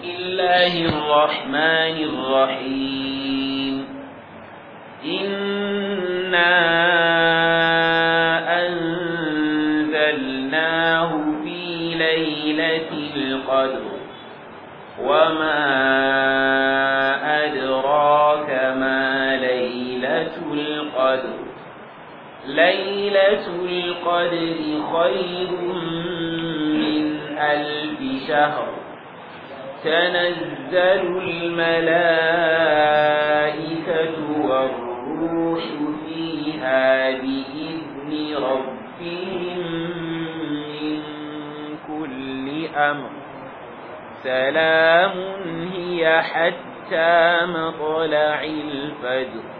بسم الله الرحمن الرحيم إنا أنزلناه في ليلة القدر وما أدراك ما ليلة القدر ليلة القدر خير من ألف شهر تنزل الملائكة والروح فيها بإذن ربهم من كل أمر سلام هي حتى مطلع الفجر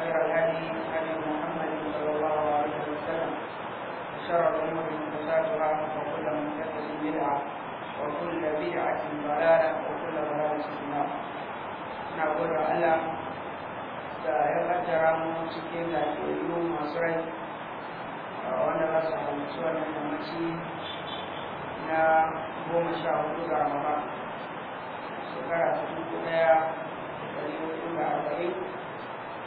خير الهدي هدي محمد صلى الله عليه وسلم وشر الامور محدثاتها وكل محدثه بدعه وكل بدعه ضلاله وكل ضلاله في النار نقول الله da ya kaddara mu cikin lafiyayyu masu rai wanda za su halarci wannan yammaci na goma sha hudu ga ramadan da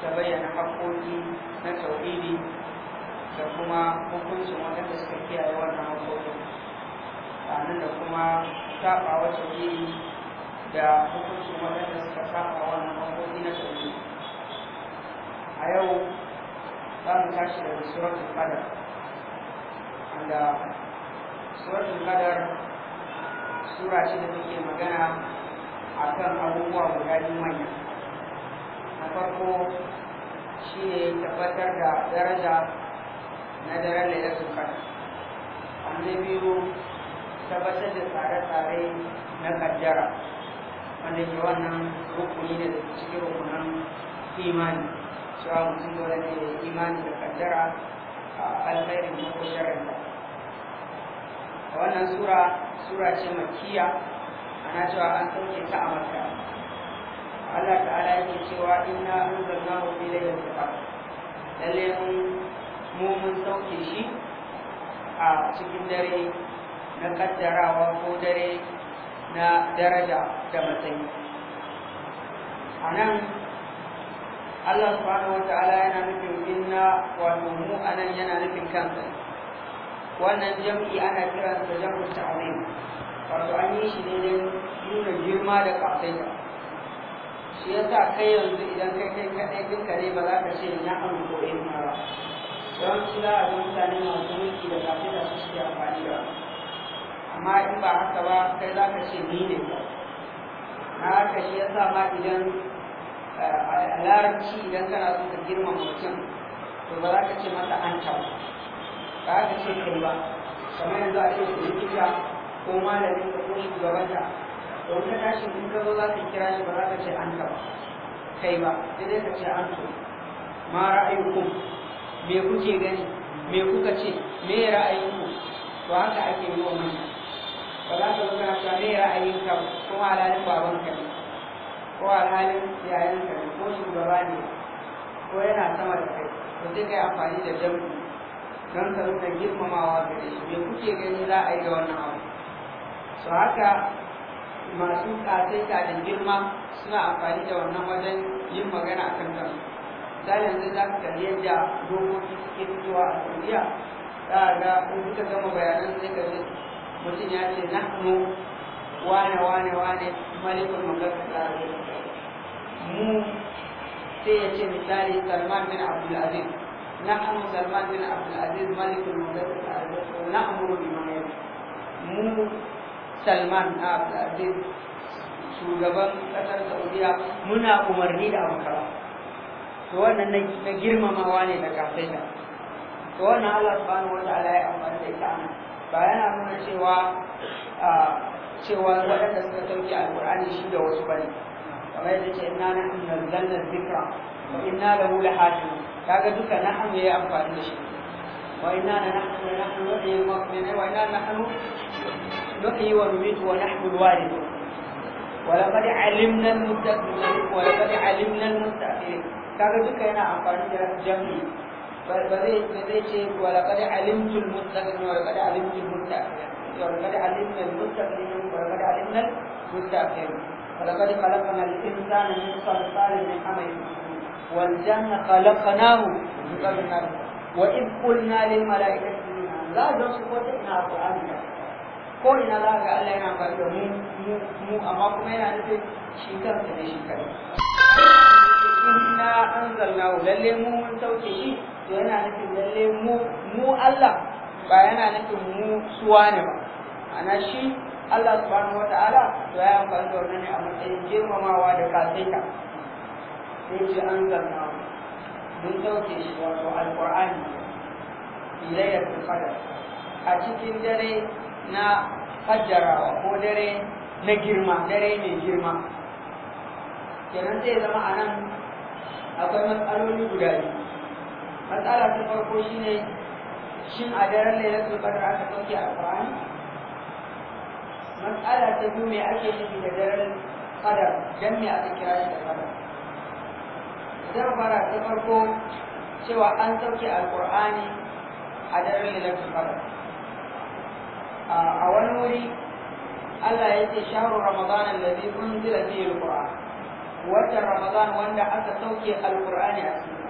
ta bayyana haƙoƙi na tauhidi da kuma hukuncin wadanda suka kiyaye wannan haƙoƙin sannan da kuma saba wa tauhidi da hukuncin wadanda suka saba wannan haƙoƙi na tauhidi a yau za mu tashi daga suratul qadar wanda suratul qadar sura ce da take magana a kan abubuwa guda biyu manya na farko shi ne tabbatar da daraja na daren da ya suka amma biyu tabbatar da tsare-tsare na kaddara wanda ke wannan rukuni ne da cikin rukunan imani cewa mutum dole ne da imani da kaddara a alkhairin da sharrin wannan sura sura ce makiya ana cewa an sauke ta a makka Allah ta'ala yake cewa inna anzalnahu fi lailatul qadr lalle mu mun sauke shi a cikin dare na kaddarawa ko dare na daraja da matsayi a nan Allah subhanahu wa ta'ala yana nufin inna wato mu anan yana nufin kansa wannan jam'i ana kiransa jam'u ta'zim wato an yi shi ne don nuna girma da kafaita shi ya sa kai yanzu idan kai kai kaɗai duka kare ba za ka ce ya an ko in ba don shi za a ga mutane masu mulki da kafin da su suke amfani da amma in ba haka ba kai za ka ce ni ne ba na haka shi ya sa ma idan eh, a larabci idan kana so ka girma mutum to ba za ka ce masa an ta ba ba za ka ce kai ba kamar yanzu a ce likita ko malamin ko shugabanta don ka tashi in ka zo za ka kira shi ba za ka kai ba sai dai ce an to ma ra'ayukum me me kuka ce me ra'ayinku to haka ake yi wa mutum ba za ka me ra'ayinka babanka ne ko yayanka ne ko shugaba ne ko yana sama da kai to sai kai amfani da don ka nuna girmamawa gare shi me kuke gani za a yi da wannan abu haka masu ƙasaita da girma suna amfani da wannan wajen yin magana a kan kansu misali yanzu za ka kalli yadda dokoki suke fitowa a saudiya za a ga in kuka gama bayanan sai ka ce mutum ya ce na, mu wane wane wane malikul da. mu sai ya ce misali salman bin Na, nahnu salman bin abdulaziz malikul na na'muru bi mu salman a shugaban kasar saudiya muna umarni da abu to wannan na girmamawa ne da kafaita to wannan Allah subhanahu wa ta'ala ya amfani da ita ba yana nuna cewa cewa waɗanda suka sauke ƙurani shi da wasu bane kamar yadda ce inna nahnu nazzalna dhikra wa inna lahu lahafizun kaga duka nahnu yayi amfani da shi wa inna na? nahnu wa inna nahnu نحيي ونميت ونحن الوارد ولقد علمنا المتقين ولقد علمنا المتقين kaga duka yana amfani da jami bare bare ce ولقد علمت المتقين ولقد علمت المتقين ولقد علمنا المتقين ولقد علمنا المتقين ولقد خلقنا الانسان من صلصال من حمئ والجنة خلقناه من قبل وإذ قلنا للملائكة لا تصفوا تكنا القرآن ko ina za ga Allah yana faɗi da mu amma kuma yana nufin shi kansa ne shi kai inna anzalnahu lalle mu mun sauke shi to yana nufin lalle mu mu Allah ba yana nufin mu suwa ne ba ana shi Allah subhanahu wata'ala to ya amfani da wannan ne a matsayin girmamawa da kasaita sai ce zanna mun sauke shi wato alqur'ani ilayatul qadar a cikin dare na kaddarawa ko dare na girma dare mai girma kenan zai zama a nan akwai matsaloli guda biyu matsala ta farko ne shin a daren lailatul da aka a alqur'ani matsala ta biyu mai ake nufi da daren qadar don mai aka kira shi da qadar Zan fara ta farko cewa an sauke alkur'ani a daren lailatul qadr a wani wuri Allah ya ce shahru ramadan allazi unzila fihi alquran wata ramadan wanda aka sauke alqur'ani a cikin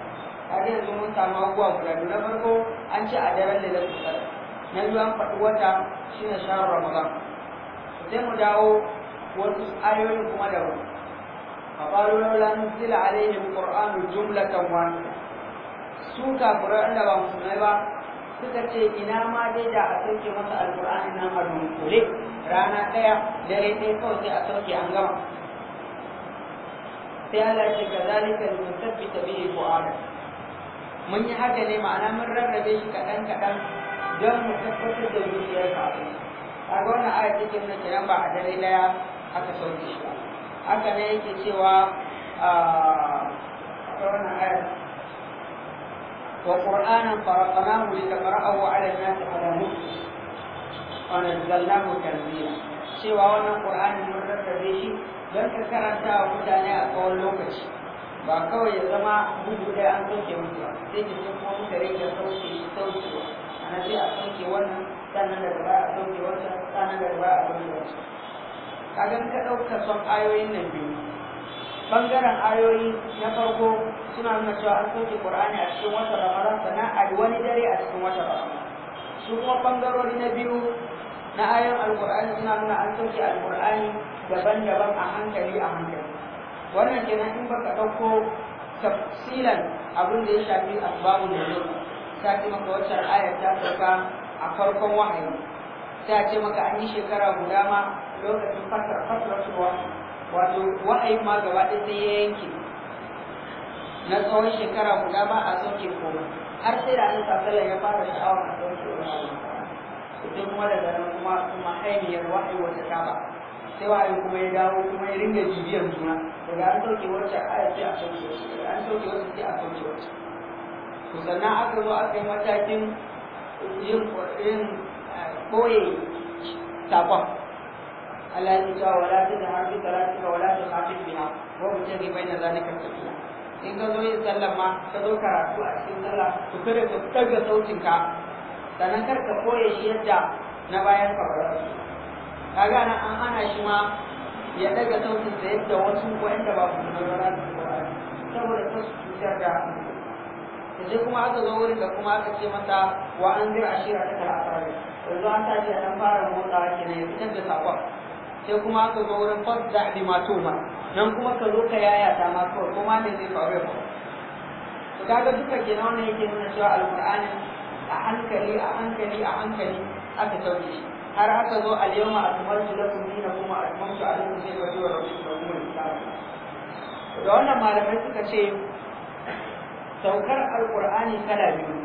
har yanzu mun samu abubuwa guda biyu na farko an ce a daren da lafi tsara na biyu an faɗi wata shine shahru ramadan sai mu dawo wasu ayoyin kuma da daban فقالوا لولا نزل عليه القرآن جملة واحدة su kafirai da ba musulmai ba suka ce ina ma dai da a sauke masa alƙur'ani nan a dunkule rana ɗaya dare ɗaya kawai sai a sauke an gama sai Allah ya ce ga zalika tabbata bihi fu'ada mun yi haka ne ma'ana mun rarrabe shi kaɗan kaɗan don mu tabbatar da zuciyar ka a wannan ayar take nuna kenan ba a dare ɗaya aka sauke shi ba haka ne yake cewa a ah, wannan ayar وقرآنا فرقناه لتقرأه على الناس على مكس ونزلناه تنزيلا سوى وانا قرآن من رسبيشي don ka karanta wa mutane a tsawon lokaci ba kawai ya zama gudu da an soke mutu ba sai sun kuma da rage sauke saukewa ana sai a sauke wannan sannan da a sauke wancan sannan da ba a sauke wancan kagan ka ɗauka son ayoyin nan biyu bangaren ayoyi na farko suna nuna cewa an soke Qur'ani a cikin watan Ramadan sannan a wani dare a cikin watan Ramadan su kuma bangarori na biyu na ayan Al-Qur'ani suna nuna an soke Al-Qur'ani daban-daban a hankali a hankali wannan kenan in baka ɗauko tafsilan abin da ya shafi asbabun nuzul ta ce maka waccan ayar ta sauka a farkon wahayi ta ce maka an yi shekara guda ma lokacin fasar fasar wato wahayi ma gaba ɗaya sai ya yanke na tsawon shekara guda ba a sauke koma har sai da an sasala ya fara sha'awar a sauke wani abu kuma da nan kuma kuma hainiyar wa'i wata kaba sai wahayi kuma ya dawo kuma ya ringa jibiyar juna daga an sauke wacce a sai a sauke wacce daga an sauke wacce sai a sauke wacce to sannan aka zo aka yi matakin yin yin eh, ɓoye sakon Allah ya ce cewa wala ta da harfi talatuka wala ta hafi biha wa mutum ribai na zalika tafiya in ka zo yin sallah ma ka zo karatu a cikin sallah to kada ka daga sautin ka sannan kar ka koya shi yadda na bayan ka ba kaga nan an hana shi ma ya daga sautin sa yadda wasu wa'anda ba su da rana saboda ta su cutar da yanzu kuma aka zo wurin da kuma aka ce masa wa an zira ashira ta kala'asarai yanzu an tashi da ɗan fara motsawa kenan ya fitar da sakon sai kuma aka zo wurin fasda bi ma tuma nan kuma ka zo ka yaya ta ma kawai kuma ne zai faru ba to ga duka kenan wannan yake nuna cewa alqur'ani a hankali a hankali a hankali aka sauke shi har aka zo al-yawma akmaltu lakum dinakum wa atmamtu alaykum ni'mati wa raditu lakum al-islam da wannan malamai suka ce saukar alqur'ani kala biyu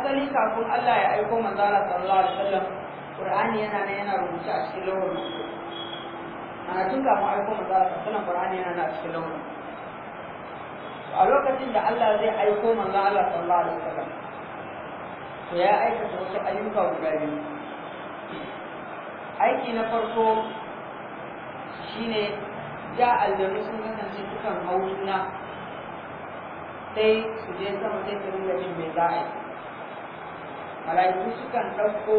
asali kafin Allah ya aiko manzala sallallahu alaihi wasallam Qur'ani yana ne yana rubuce a cikin lawar ana tun kafin aiko manzo Allah Qur'ani yana a cikin launi a lokacin da Allah zai aiko manzo Allah sallallahu alaihi wasallam to ya aikata wasu ayyuka guda biyu aiki na farko shine da aljanu sun kasance dukan hauna sai su je sama sai su rinka jin mai za'a mala'iku sukan ɗauko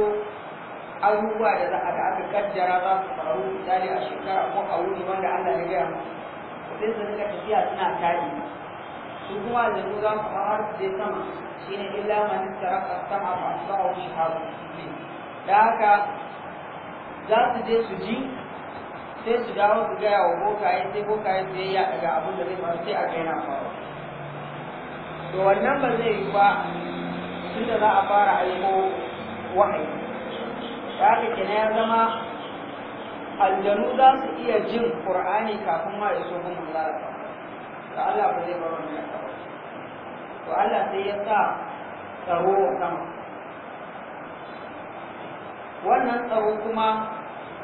abubuwa da za a ga aka kaddara za su faru misali a shekara ko a wuri wanda Allah ya gaya sai su suka tafiya suna tari su kuma su za su fara su je sama shine illa man taraka sama fa asbahu shihabu da haka za su je su ji sai su dawo su gaya wa bokaye sai bokaye su yaɗa ga abin da zai faru sai a gaina faru to wannan ba zai yi ba tunda za a fara aiko wahayi Ya haka na ya zama aljanu za su iya jin qur'ani kafin ma iso gun manzara da Allah ba zai bar wannan ba to Allah sai ya sa tsaro wa kama. wannan tsaro kuma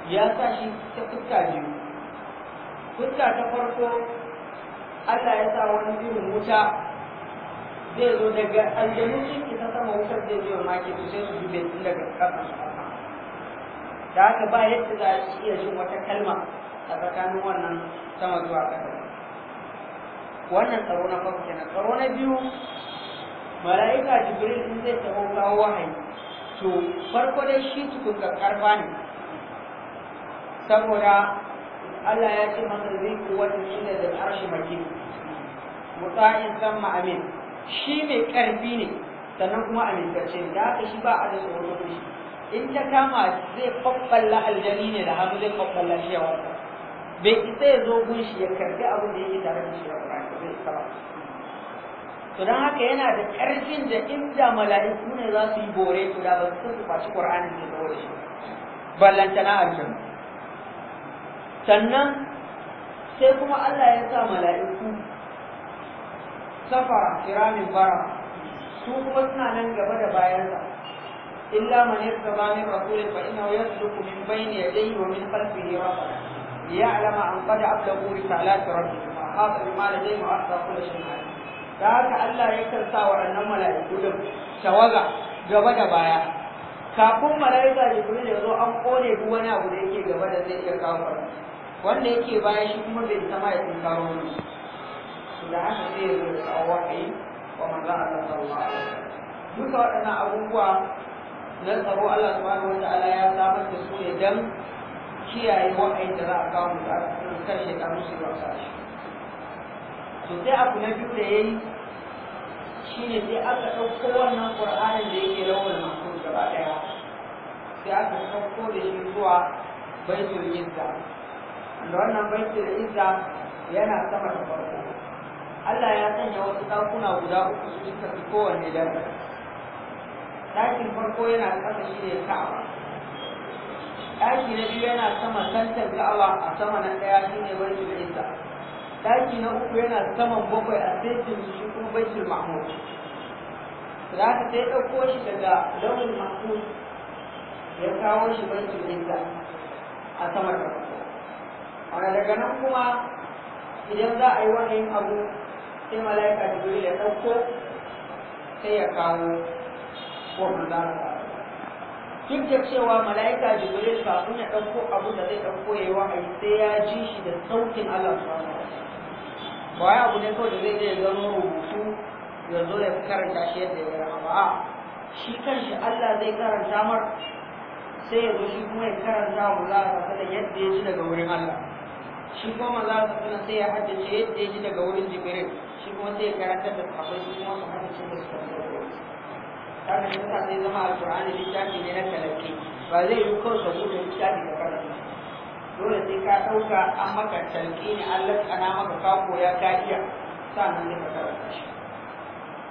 ya sa shi ta fuska biyu fuska ta farko Allah ya sa wani irin wuta zai zo daga aljanu sun ta sama wutar zai zo maki to su dube tun daga kasa da haka ba yadda za a iya jin wata kalma a tsakanin wannan sama zuwa ƙasa wannan tsaro na farko kenan tsaro na biyu mala'ika jibril in zai taɓa kawo wahayi to farko dai shi tukun karfa ne saboda Allah ya ce masa zai kuwatin shi ne da arshi makin mutsa'in san ma'amin shi mai ƙarfi ne sannan kuma amintacce da haka shi ba a da tsoron shi in ta kama zai kwakwalla aljani ne da hannu zai kwakwalla shi yawan bai isa ya zo gun shi ya karbi abin da yake tare da shi yawan ba zai saba to don haka yana da ƙarfin da inda mala'iku ne za su yi bore to da ba su su kwaci qur'ani ne da shi ballanta na aljanna sannan sai kuma Allah ya sa mala'iku safara kiramin bara su kuma suna nan gaba da bayansa إلا من ارتضى من رسول فإنه يسلك من بين يديه ومن خلفه رصدا ليعلم أن قد أبلغوا رسالات ربهم وأحاط بما لديه وأحصى كل شيء عليم da haka Allah ya karsa waɗannan mala'iku din tawaga gaba da baya kafin mala'ika Jibril da zo an kone duk wani abu da yake gaba da zai iya kawo ba. wanda yake baya shi kuma bai da haka zai zo da tsawon wa Allah sallallahu alaihi wasallam duka waɗannan abubuwa na tsaro Allah subhanahu wa ta'ala ya samar da su ne dan kiyaye wa'ayin da za a kawo da kan shekaru su yi wasa shi to sai abu na biyu da ya yi shi ne sai aka ɗauko wannan ƙur'anin da yake rawar masu gaba ɗaya sai aka ɗauko da shi zuwa baitul izza da wannan baitul izza yana sama da farko Allah ya sanya wasu ɗakuna guda uku su suka fi kowanne daraja ɗakin farko yana ƙasa shi ne ka'aba ɗaki na biyu yana sama santar ka'aba a sama na ɗaya shi ne da isa ɗaki na uku yana saman bakwai a saitin shi kuma baitul mahmud za ka sai ɗauko shi daga launin mahmud ya kawo shi bankin isa a saman da wanda daga nan kuma idan za a yi wani abu sai mala'ika da ya ɗauko sai ya kawo ko manzara duk da cewa mala'ika jibril kafin ya ɗauko abu da zai ɗauko ya yi sai ya ji shi da saukin Allah subhanahu wa ta'ala ba ya abu ne kawai da zai iya gano rubutu ya zo ya karanta shi yadda ya rama ba shi kanshi Allah zai karanta mar sai ya zo shi kuma ya karanta mu za a da yadda ya ji daga wurin Allah shi kuma za su suna sai ya haddace yadda ya ji daga wurin jibril shi kuma sai ya karanta da kafin shi kuma su haddace da su kaga shi sai zama alqur'ani littafi ne na talaki ba zai yi kawai ka bude littafi karanta dole sai ka ɗauka an maka talqini Allah ana maka ka koya ka iya sannan ne ka karanta shi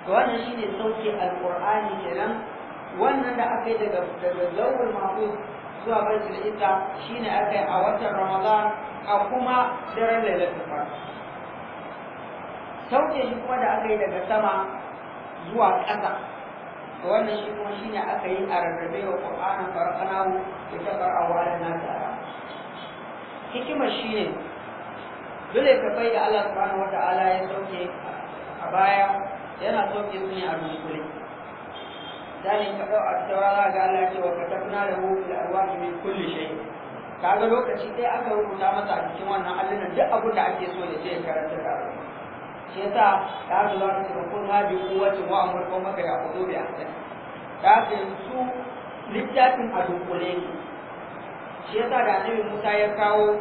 to wannan shine sauke alqur'ani kenan wannan da aka yi daga daga zawul mahfuz zuwa baitul ita shine aka yi a watan ramadan a kuma daren lailatul qadr sauke shi kuma da aka yi daga sama zuwa ƙasa wannan shi kuma shi ne aka yi a rarrabe wa ƙur'anin farfanahu da ta far'awa da na tara hikimar shi ne dole ka bai da Allah subhanahu wata'ala ya sauke a baya yana sauke su ne a dunkule zanen ka ɗau a taura za ga Allah cewa ka tafna da hu fil arwahi min kulli shay kaga lokaci ɗaya aka rubuta masa a cikin wannan allunan duk abin da ake so ya ce ya karanta da shi yasa da haka za ka ce kun haji kuwatin wa amur ko maka ya kudu bi ahsan da haka su littafin a dunkule ne shi yasa da annabi Musa ya kawo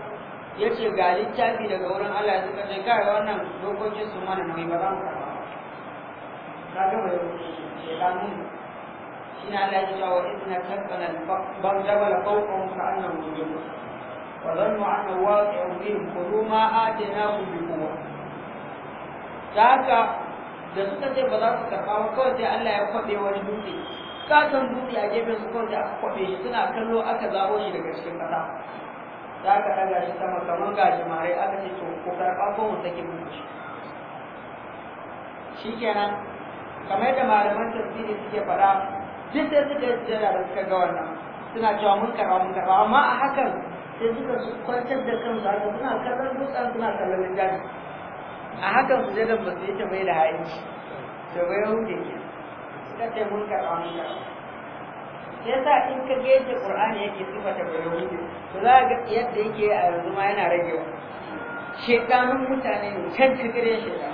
ya ce ga littafi daga wurin Allah suka ce kai wannan dokokin su mana nauyi ba za mu shi ka ga bai shekaru shi na Allah ya ce wa inna tabbana ban jabal fawqahum ka annahu yujib wa dhannu anna waqi'un bihim khudhu ma na kubi quwwah da haka da suka ce ba za su karɓa ba kawai sai Allah ya kwaɓe wani dutse katon dutse a gefen su kawai da aka kwaɓe shi suna kallo aka zaɓo shi daga cikin ƙasa za ka ɗaga shi sama kamar ga jimare aka ce to ko karɓa ko mu sake muku shi shikenan kamar da malaman tafsiri suke faɗa duk sai suka yi jira da suka ga wannan suna cewa mun karɓa mun karɓa amma a hakan sai suka kwantar da kansu haka suna kallon dutsen suna kallon jari a hakan su jadon ba su yi tabai da ha'inci da bai hude ke suka ce mun karɓa mun karɓa sa in ka ga yadda qur'ani yake sifata bai hude su za ga yadda yake a yanzu ma yana ragewa shekarun mutane ne can cikin shekan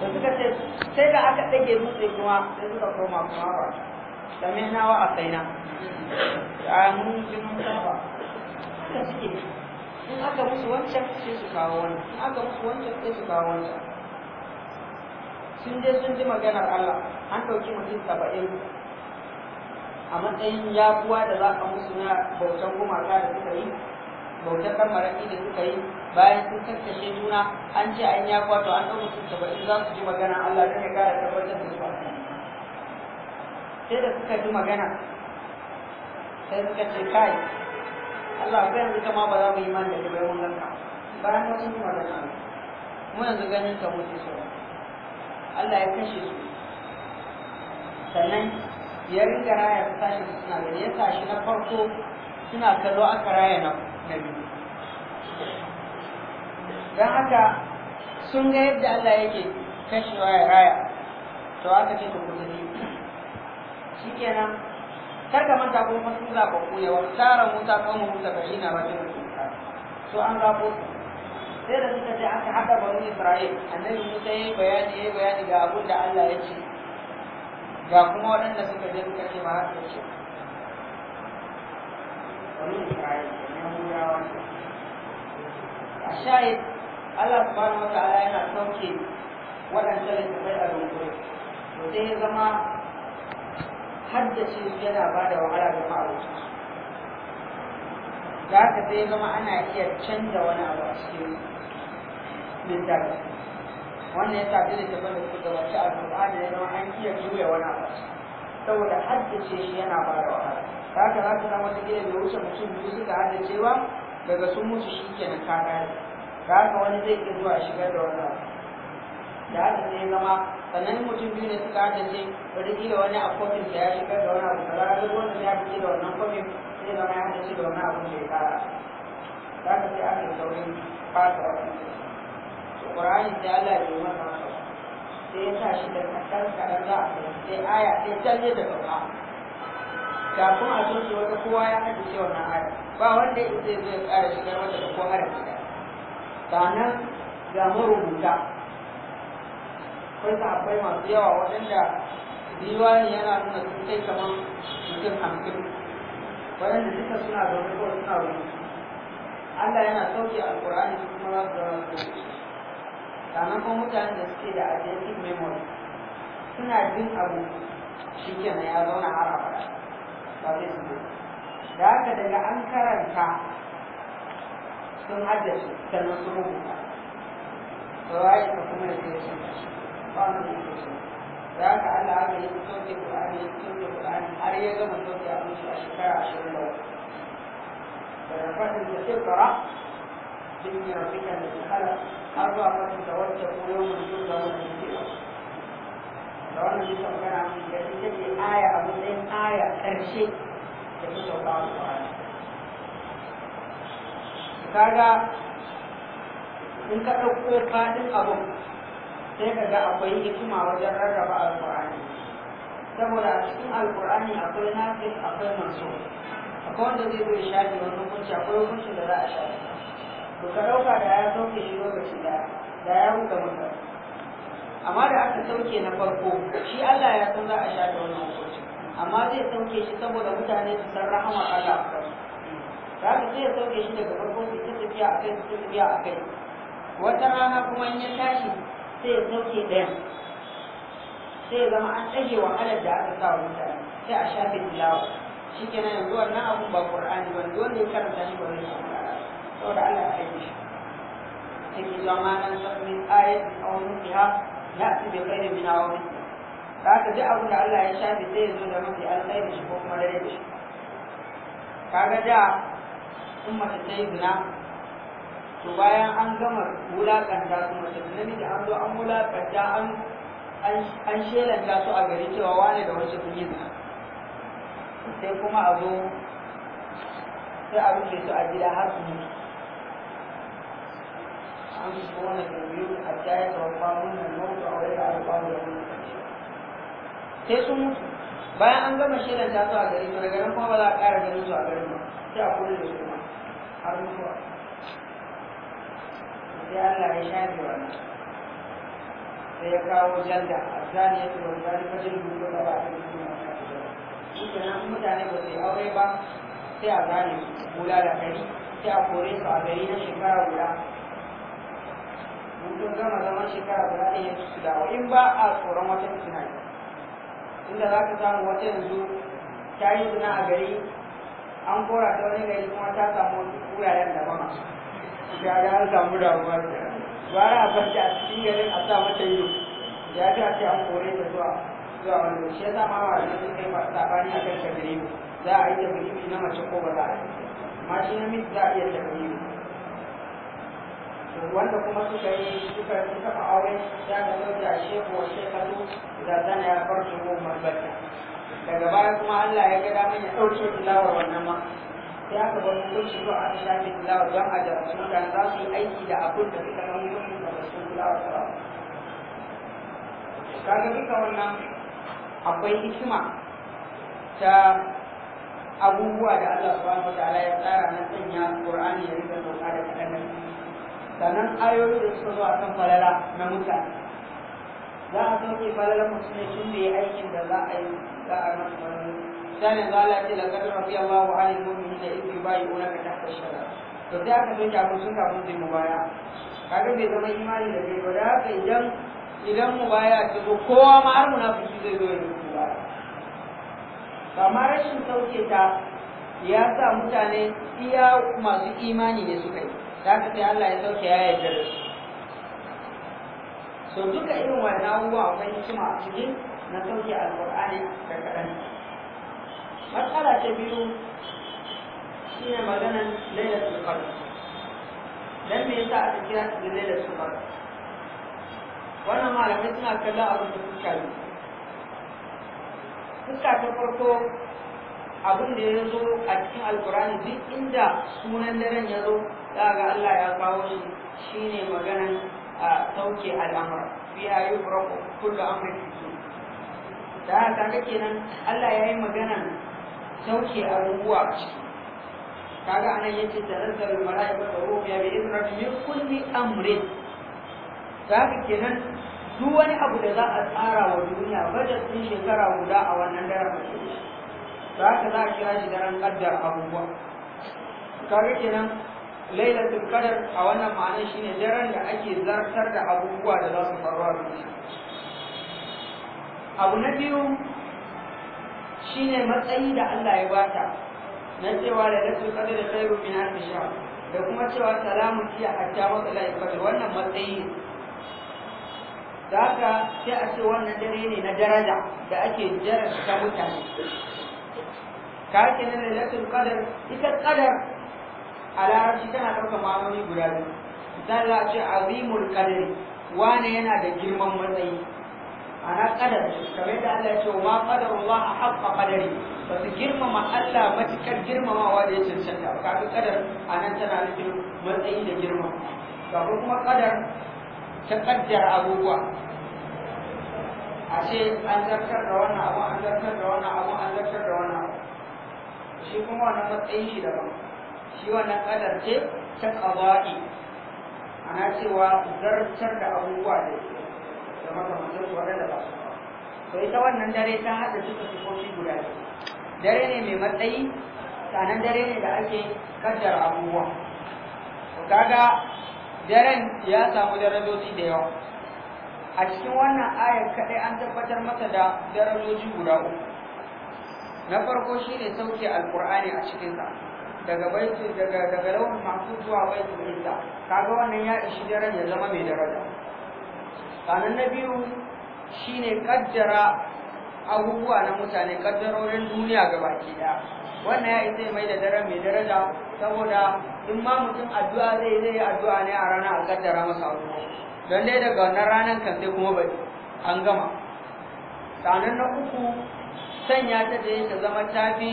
da suka ce sai da aka ɗage dutse kuma sai suka koma kuma ba sami wa a kaina da mun ji mun saba suka cike in aka musu wancan sai su kawo wannan in aka musu wancan sai su kawo wancan sun je sun ji maganar Allah an ɗauki mutum saba'in a matsayin yafuwa da za a musu na bautan gumaka da suka yi bautan ɗan maraƙi da suka yi bayan sun kankashe juna an ce an yafuwa to an ɗau mutum saba'in za su ji magana Allah don ya kara tabbatar da su sai da suka ji magana sai suka ce kai Allah ko yanzu kama ba za mu yi mani da ke bayan wannan ka bayan wannan yi magana mu yanzu ganin ka mutu so Allah ya kashe su sannan ya ringa raya ta tashi suna gani ya tashi na farko suna kallo aka raya na biyu don haka sun ga yadda Allah yake kashewa ya raya to aka ce ku kuzuri shikenan Karka manta ko fa sun zaɓa ku ne wa mu musa kawo mu saba'ina rajulun so an ga ko sai da suka ce aka haɗa Bani Isra'il annabi Musa yayi bayani yayi bayani ga abin da Allah ya ce ga kuma waɗanda suka je suka ce ba haka ce Bani Isra'il ne Yahudawa a ashai Allah subhanahu ta'ala yana sauke suka bai a rubuce to sai ya zama haddace su yana ba da wahala ga ma'aurata za ka sai zama ana iya canza wani abu a cikin mintaka wannan ya sa dole ta bada su gabaci a Qur'ani ya zama an iya juya wani abu saboda haddace shi yana ba da wahala za ka za ka zama wata gida bai wuce mutum biyu suka haddacewa daga sun mutu shi kenan ka ne. za ka wani zai iya zuwa shigar da wani abu da haka sai zama sannan mutum biyu da suka haddace wani kila wani a kofin da ya shigar da wani abu kaza duk wanda ya fice da wannan kofin sai zama ya shi da wani abu da ya kara za ka sai aka yi saurin fata wani Qur'ani sai Allah ya yi masa sai ya sa shi da kaɗan kaɗan za a sai aya sai canje da sauka kafin a soke wata kowa ya shi wannan aya ba wanda ya zai zai ƙara shigar mata da ko harafi ɗaya sannan ga marubuta akwai sahabbai masu yawa waɗanda diwani yana nuna na kai kamar suna zaune suna Allah yana sauke alƙur'ani su kuma za mutanen da suke da agentic suna ya zauna har abada su da daga an karanta sun haddace sannan su ba da haka har ya a shekara ashirin yi rafikan da da da aya a aya ƙarshe da kaga in ka ɗauko faɗin abin sai ka ga akwai hikima wajen rarraba alkur'ani saboda a cikin alkur'ani akwai nafis akwai manso akwai wanda zai zo shafi wani hukunci akwai hukuncin da za a shafi to ka ɗauka da ya sauke shi lokaci da da ya huta maka amma da aka sauke na farko shi Allah ya san za a shafi wani hukunci amma zai sauke shi saboda mutane su san rahama Allah a kansu zai sauke shi daga farko su tafiya a kai su tafiya a kai wata rana kuma in ya tashi sai ya sauke ɗayan sai ya zama an ɗage wahalar da aka sa wa mutane sai a shafe tilawa shi ke nan yanzu wannan abun ba ƙur'ani ba ne wanda ya karanta shi ba zai shi saboda Allah ya aiki shi take zuwa ma nan sa min ayatin aw ya ya'ti kai da min aw mithliha ba ka ji abin da Allah ya shafe sai ya zo da mafi da shi ko kuma da shi ga da in ta yi zina to bayan an gama wulakanta su mace da namiji an zo an wulakanta an an shelanta su a gari cewa wane da wace kuma yi zina sai kuma a zo sai a rufe su a gida har su mutu an su ko wani tambayu a jaya da wata da mutu a wani da alfamu da wani sai sun mutu bayan an gama shelanta su a gari to daga nan kuma ba za a ƙara ganin su a garin ba sai a kula da su ma har mutuwa sai Allah ya shafe wannan sai ya kawo janda a zani ya tuba da ni fajin dubu da ba a cikin duniya ta fito shi ke nan mutane ba su yi aure ba sai a zane bula da gari sai a kore su a gari na shekara guda mutum zama zaman shekara guda ne ya su dawo in ba a tsoron wata fitina inda za ka samu wata yanzu ta yi zina a gari an kora ta wani gari kuma ta samu wuraren da ba masu kaga an samu damuwar bara a farce a cikin garin a sa mata ido ya ce a ce an kore ta zuwa zuwa wani shi ya zama wa ne sun kai masu sabani a kan shagari za a yi tafiyi na mace ko ba za a yi amma shi namiji za a iya tafiyi wanda kuma suka yi suka suka fa aure ya ga sauki a shehu wa shekatu da zana ya farce ko marbarta daga baya kuma Allah ya ga damar ya ɗauke tilawar wannan ma sai aka bar hukunci ko an shafe fulawar don a jarabci mutane za su yi aiki da abin da suka zama mutum da su fulawar ba kaga duka wannan akwai hikima ta abubuwa da Allah subhanahu wataala ya tsara na sanya Qur'ani ya rika doka da kadan sannan ayoyi da suka zo kan falala na mutane za a sauke falalar mutum ne tun da aikin da za a yi za a nan masa misalin zala ce la kadar rafi Allah wa halin mu'minin da ibi bayi wani ka tafi shara to sai aka soke abin sun kafin su yi mubaya kaga bai zama imani da bai ba da haka idan idan mubaya ta zo kowa ma har munafiki zai zo ya yi mubaya to amma rashin sauke ta ya sa mutane iya masu imani ne suka yi da haka sai Allah ya sauke ya yarda da su so duka irin wannan abubuwa akwai hikima a cikin na sauke alƙur'ani da kaɗan matsala ta biyu shine maganan lailatul qadr don me yasa aka kira ta da lailatul qadr wannan malamai suna kallon abin da fuska ne fuska ta farko abin da ya zo a cikin alkurani duk inda sunan daren ya zo za ga Allah ya kawo shi shi ne maganan a sauke al'amura biya yi furaku kullu amrin da haka nan Allah ya yi maganan sauke abubuwa a ciki kaga anan yace mala'ika da ruhiya bi idrati rabbihim kulli amrin zaka kenan duk wani abu da za a tsara wa duniya bada sun shekara guda a wannan daren mace za ka za a kira shi daren kaddar abubuwa kaga kenan lailatul qadar a wannan ma'anar shine daren da ake zartar da abubuwa da za su faru a duniya abu na biyu shine matsayi da Allah ya bata na cewa da rasul qadri khairu min alf shahr da kuma cewa salamu a hatta wasala al wannan matsayi da haka sai a ce wannan dare ne na daraja da ake ta mutane ka ake da lailatul kada ita qadar a larabci tana ɗaukar mamuni guda biyu misali za a ce azimul qadri wane yana da girman matsayi ana kadar kamar yadda Allah ya ce wa qadarullah haqqa qadari ba su girmama Allah matukar girmamawa da ya cancanta kaga kadar anan tana nufin matsayi da girma ga kuma kadar ta kaddar abubuwa a ce an zartar da wannan abu an zartar da wannan abu an zartar da wannan abu shi kuma wannan matsayi shi daban shi wannan kadar ce ta qada'i ana cewa zartar da abubuwa da da ba su to ita wannan dare ta haɗa duka sifofi guda dare ne mai matsayi sanan dare ne da ake kaddar abubuwa to kaga daren ya samu darajoji da yawa a cikin wannan ayar kaɗai an tabbatar masa da darajoji guda uku na farko shine sauke alqur'ani a cikinsa daga baiti daga daga lawan mahfuz zuwa baitul kaga wannan ya ishi daren ya zama mai daraja sanan na biyu shine kaddara abubuwa na mutane kaddarorin duniya ke ɗaya. wannan ya isa mai da daren mai daraja saboda in ma mutum addu'a zai zai yi addu'a ne a ranar a masa abubuwa don dai daga wannan ranar kan sai kuma bai an gama sanar na uku sanya ta da ta zama tafi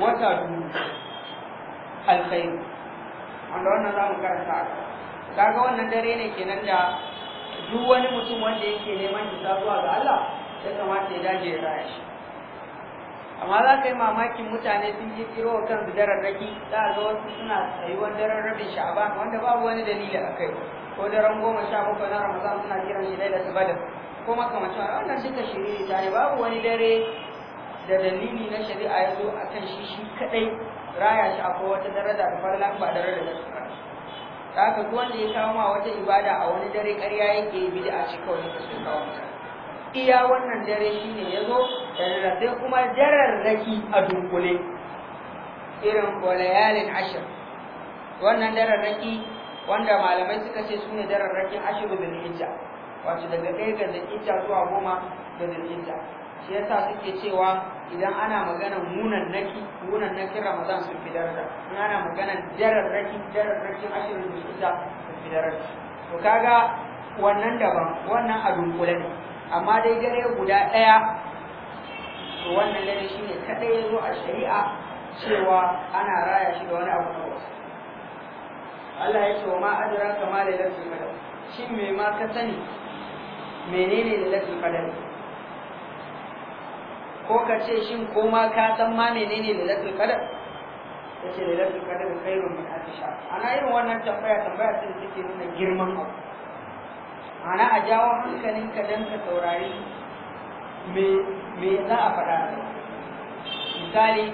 wata dubu alkhairu wanda wannan za mu karanta ga wannan dare ne kenan da duk wani mutum wanda yake neman isa zuwa ga Allah ya kamata ya dage ya raya shi amma za ka yi mamakin mutane sun yi kiro wa kansu raki, za a ga wasu suna tsayuwar daren rabin sha'aban wanda babu wani dalili a kai ko daren goma sha bakwai na ramadan suna kiran shi dai da badr ko makamacin wannan duka shiri ta ne babu wani dare da dalili na shari'a ya zo a kan shi shi kadai raya shi akwai wata daraja da farla ba dare da nasu haka duk wanda ya kawo ma wata ibada a wani dare ƙarya yake yi bid'a ce kawai yake so kawo mutane iya wannan dare shine yazo da sai kuma dararraki a dunkule irin walayalin ashir wannan dararraki wanda malamai suka ce sune dararrakin ashiru da hijja wato daga ɗaya ga ita zuwa goma ga ita? shi yasa suke cewa idan ana maganar munan naki munan nakin ramadan sun fi daraja in ana maganar jarar rakin ashirin da ita sun fi daraja to kaga wannan daban wannan a dunkule ne amma dai gare guda ɗaya to wannan dare shine kadai ya zo a shari'a cewa ana raya shi da wani abu na wasu Allah ya ce wa ma adraka ma lailatul qadr shin me ma ka sani menene lailatul qadr ko ka ce shi ko ma ka san ma menene lalatul qadar yace lalatul qadar khairun min alf shahr ana irin wannan tambaya tambaya ce take nuna girman abu ana a jawo ka dan ka saurari me me za a faɗa misali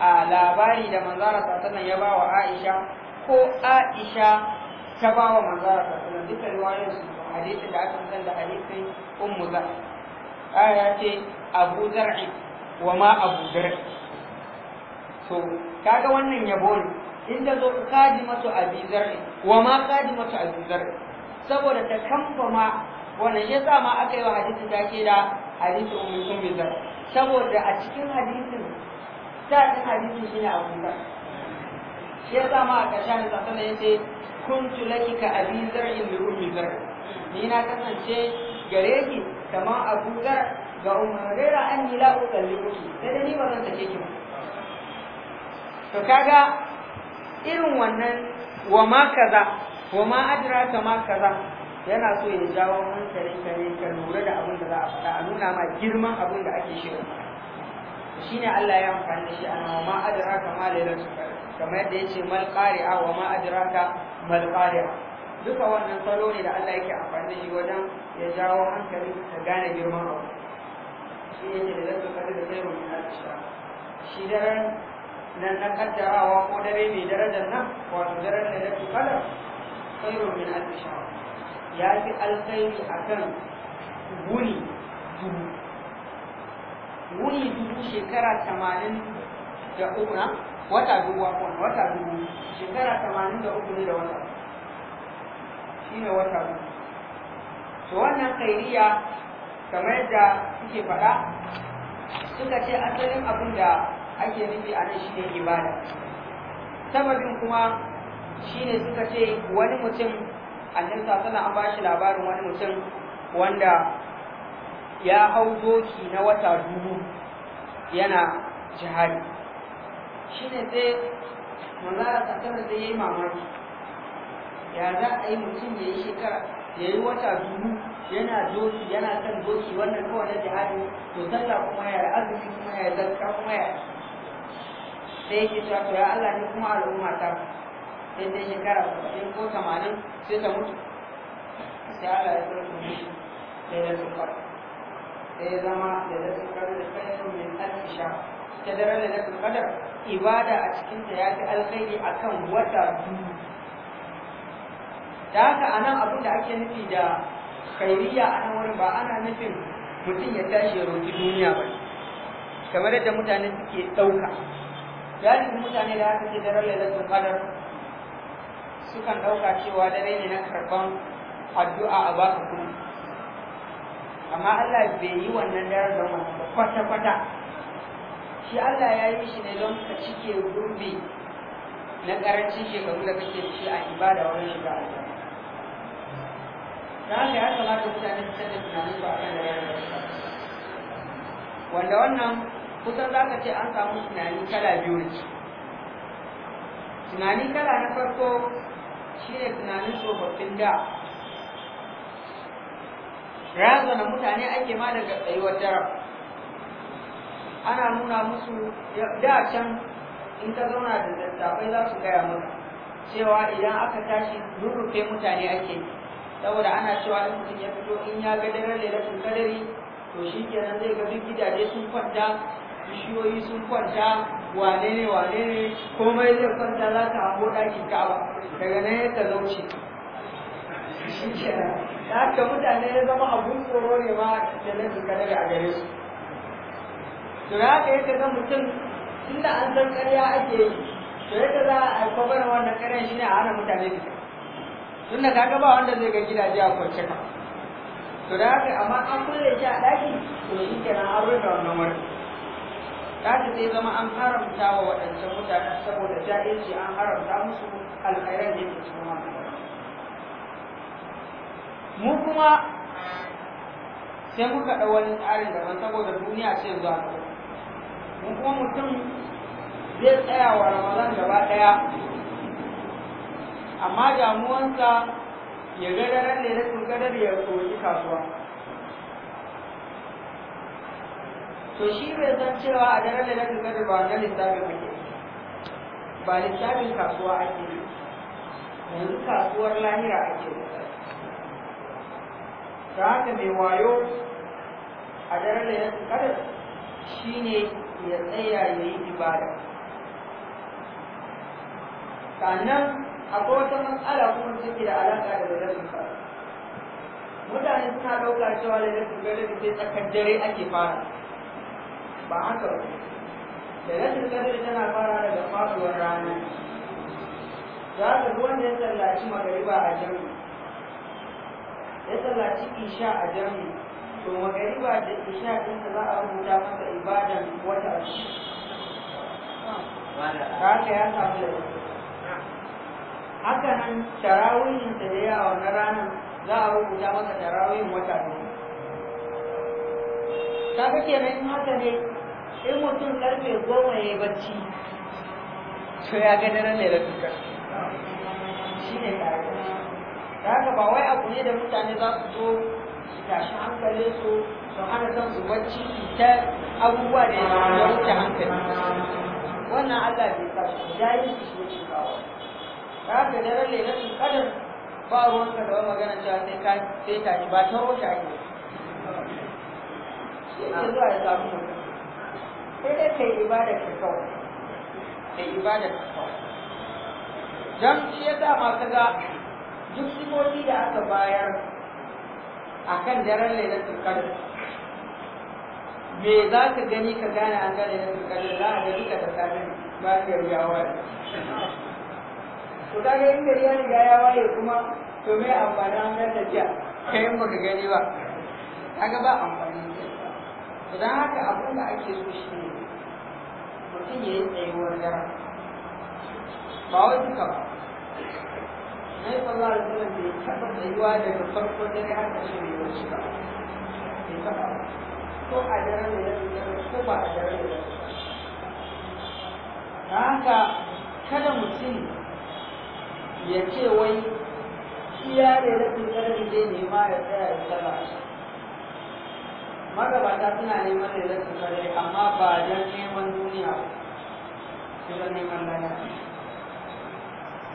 a labari da manzara sallallahu ya ba wa Aisha ko Aisha ta ba wa manzara sallallahu duka riwayoyin su hadisi da aka san da hadisin ummu za aya ce abu zar'i wa ma abu zar'i to kaga wannan yabo ne inda zo kadimatu abu zar'i wa ma kadimatu abu zar'i saboda ta kamba ma wannan yasa ma aka yi wa hadisi da ke da hadisin ummu sumi zar saboda a cikin hadisin ta cikin hadisin shine abu zar'i shi yasa ma a ƙarshen da sallallahu yace kuntu laki ka Abu zar'in li ummi zar ni na kasance gare ki kamar abu zar ga umar gaira an yi la'u kalliki sai da ni zan sake kima. to kaga irin wannan wa ma kaza wa ma adraka ma kaza yana so ya jawo hankali ka ne ka lura da abin da za a faɗa a nuna ma girman abin da ake shirin shine Allah ya amfani da shi ana wa ma adraka ma lailatul qadr kamar yadda yace mal qari'a wa ma adraka mal qari'a duka wannan salo ne da Allah yake amfani da shi wajen ya jawo hankali ka gane girman abu sai ce da zaka kada da sai mun aisha shi daren nan na kaddarawa ko dare mai darajar nan wato daren da zaka sai khairun min aisha ya fi alkhairi kan wuni dubu wuni dubu shekara tamanin da uku na wata dubu wata dubu shekara tamanin da uku ne da wata shi ne wata dubu. to wannan khairiya kamar yadda suke faɗa suka ce asalin abin da ake nufi a nan shine ibada sababin kuma shine suka ce wani mutum annabi sallallahu an bashi labarin wani mutum wanda ya hau doki na wata dubu yana jihadi shine sai manzara sallallahu alaihi wasallam yayi mamaki ya za a yi mutum ya yi shekara ya yi wata biyu yana doki yana kan doki wannan kawai na jihadi to sallah kuma ya yi azumi kuma ya yi zarka kuma ya sai yake cewa to ya Allah ni kuma al'umma ta sai dai shekara saba'in ko tamanin sai ta mutu sai Allah ya tsoro kuma shi, sai ya su sai ya zama da da kai fara da kayan min ta daren da da su fara ibada a cikinta ya fi alkhairi akan wata biyu da haka anan abin da ake nufi da kairiya a nan wurin ba ana nufin mutum ya tashi ya roƙi duniya ba kamar yadda mutane suke ɗauka galibin mutane da haka ke daren lailatul qadar sukan ɗauka cewa dare ne na karɓan addu'a a baka kuɗi amma Allah bai yi wannan daren ba kwata-kwata shi Allah ya yi shi ne don ka cike gurbi na ƙarancin shekaru da kake da shi a ibada wurin shiga Allah da ya kamata mutane su canza tunanin su akan rayuwar da wanda wannan kusan za ka ce an samu tunani kala biyu ne tunani kala na farko shi ne tunanin tsofaffin da na mutane ake ma daga tsayuwar dara ana nuna musu da can in ka zauna da dattafai za su gaya maka cewa idan aka tashi rurrufe mutane ake yi saboda ana cewa in mutum ya fito in ya ga daren lailatul kadari to shi kenan zai ga duk gidaje sun kwanta bishiyoyi sun kwanta wane ne wane ne komai zai kwanta za ka hango ɗakin ka'aba daga nan ya talauci shi kenan da haka mutane ya zama abun tsoro ne ma lailatul kadari a gare su to da haka yake zan mutum tunda an san ƙarya ake yi to yadda za a kwabar wannan shi ne a hana mutane fita tunda kaga ba wanda zai ga gidaje a kwance ka to da haka amma an kulle shi a ɗaki to shi kenan an rufe wannan wani da sai zama an haramta wa waɗancan mutane saboda jahilci an haramta musu alkhairan da yake cikin wannan mu kuma sai muka ɗau wani tsarin ban saboda duniya ce zuwa mu kuma mutum zai tsaya wa ramadan gaba ɗaya amma damuwansa ya ga daren da ya kadar ya koyi kasuwa to shi bai san cewa a daren da ya kadar ba na lissafin ake ba lissafin kasuwa ake yanzu kasuwar lahira ake ta haka mai wayo a daren da ya kadar shi ne ya tsaya ya yi ibada sannan akwai wata matsala kuma take da alaƙa da lalatul fara. mutane suna ɗauka cewa lalatul qadar sai tsakar dare ake fara ba haka ba lalatul qadar tana fara daga faɗuwar rana za ka ga wanda ya tsallaci magariba a Jami. ya tsallaci isha a Jami, to magariba da isha ɗinsa za a rubuta masa ibadan wata ka ya samu lalatul haka nan tarawihin da ya a wannan ranar za a rubuta masa tarawihin wata ne ta fi kenan in haka ne in mutum karfe goma ya yi bacci to ya ga daren da qadr shi ne tare da haka ba wai abu ne da mutane za su zo su tashi hankalin su su hana zan su bacci ta abubuwa da ya wuce hankali wannan Allah bai sa shi jayin su shi kawo haka daren lailatul kadar ba ruwanka da wani magana cewa sai ka sai ta ba ta roshi ake shi ne zuwa ya samu mutum sai dai kai ibada ka kawai kai ibada ka kawai dan shi ya sa ma ga duk sifofi da aka bayar akan daren lailatul qadr me za ka gani ka gane an gane lailatul qadr za a ga duka da sabin ba ka yarda yawon to kaga in gari ya riga ya waye kuma to me amfani an gan tafiya kai in baka gani ba kaga ba amfani to dan haka abin da ake so shi ne mutum ya yi tsayuwar dara ba wai duka ba Nai da alaihi wasallam bai taɓa tsayuwa daga farko dare har ta ƙarshe bai wuce ba. Ya taɓa ba. ko a daren da ya ko ba a daren da ya haka kada mutum ya ce wai iya da rabin karni zai nema ya tsaya da sallah magabata suna neman da rabin karni amma ba don neman duniya ba su don neman lana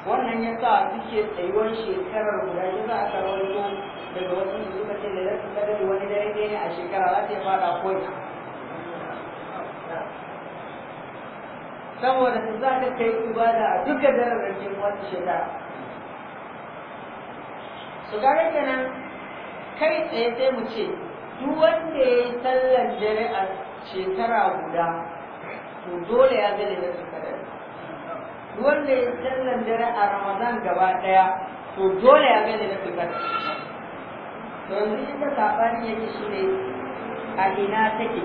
wannan ya sa suke tsayuwar shekarar guda ya za a karo daga wasu da suka ce da rabin karni wani dare ne a shekara za ta fada ko'ina saboda su za ka kai ibada a duka dararrakin wata shekara su gara kenan kai tsaye sai mu ce duk wanda ya yi sallar dare a shekara guda to dole ya gane da su kadar duk wanda ya yi sallar dare a ramadan gaba daya to dole ya gane da su kadar to yanzu inda saɓani yake shi ne a ina take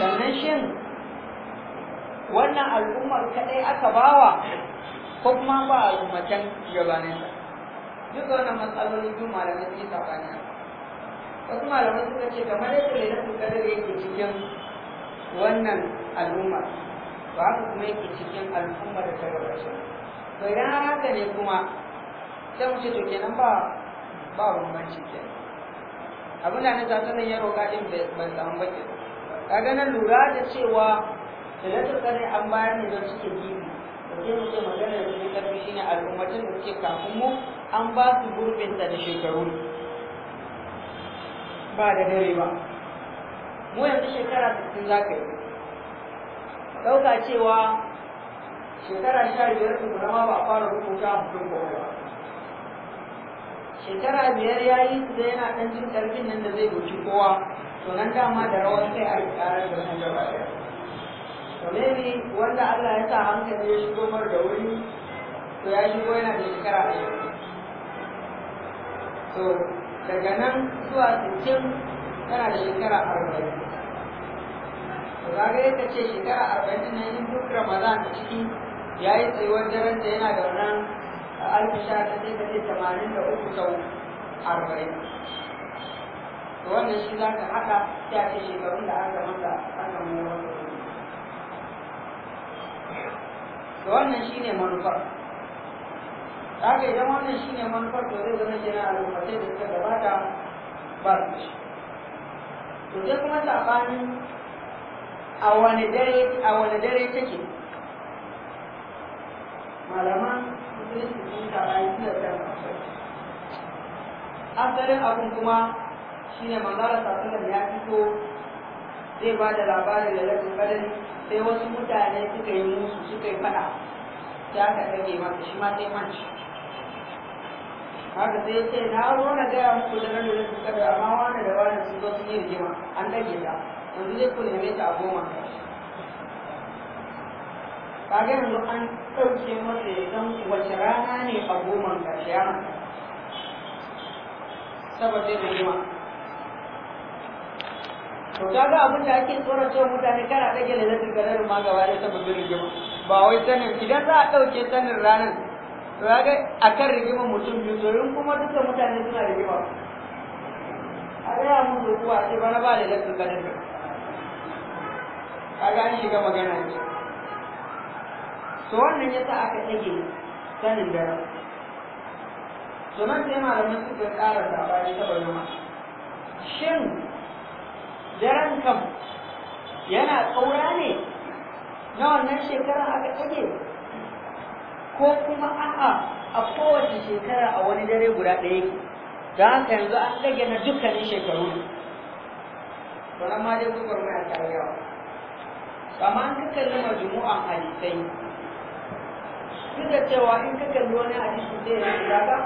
sannan shin wannan al'ummar kadai aka bawa ko kuma ba al'ummatan gabanin sa duk wannan matsaloli duk malamai sun sabani wasu malamai suka ce kamar yadda lailatul qadr yake cikin wannan al'umma Ba haka kuma yake cikin al'ummar da ta gabashe to idan har haka ne kuma sai mu ce to kenan ba ba bambanci kenan abin da na ta sanin ya roƙa din ban samu ba kenan kaga nan lura da cewa idan suka an bayar ne don cike gibi da ke muke magana da suke karfi shine al'ummatin da suke kafin mu an ba su gurbin da da shekaru ba da dare ba mu yanzu shekara 60 za ka yi ɗauka cewa shekara sha biyar su zama ba a fara rubuta a mutum ba shekara biyar ya yi su zai yana ɗan jin ƙarfin nan da zai doki kowa to nan dama da rawar kai a rikarar da wani gaba ɗaya to maybe wanda Allah ya sa hankali ya shigo mar da wuri to ya shigo yana da shekara ashirin to daga nan zuwa sittin tana da shekara arba'in to kaga yadda ce shekara arba'in na yin duk ramadan a ciki ya yi tsayuwar daren da yana da wannan alfisha ta sai ka ce tamanin da uku sau arba'in to wannan shi za ka haɗa ya ce shekarun da aka masa aka mura da wannan shine manufar kage idan wannan shine manufar to zai zama kina al'ummatai da suka gabata ba su shi to sai kuma bani a wani dare a wani dare take malaman musulunci sun sabani suna kan asalin abin kuma shine manzara sallallahu ya fito zai ba da labarin da lafin kadari sai wasu mutane suka yi musu suka yi fada ya aka rage masa shi ma sai manci haka sai ce na ruwa na gaya muku da nan da su kada amma wani da wani sun zo sun yi rigima an rage ta yanzu zai ku neme ta a goma kaga yanzu an ɗauke masa ya san wace rana ne a goma ƙarshe ya saboda rigima kaga abin da ake cewa mutane kana rage lalatul qadar ma gaba da sabbin rigima ba wai sanin idan za a ɗauke sanin ranar to a kan rigima mutum biyu to yin kuma duka mutane suna rigima a gaya mun zuwa sai bana ba lalatul qadar kaga an shiga magana ce to wannan yasa aka ɗage sanin dare to nan sai malamin suka ƙara sabani ta bayyana shin daren kam yana tsaura ne na wannan shekara aka tage ko kuma a'a a kowace shekara a wani dare guda ɗaya ke don haka yanzu an ɗage na dukkanin shekaru wannan ma dai kukwar mai yawa amma an ka kalli majmu'an hadisai duk da cewa in kaka kalli wani hadisi zai rage daga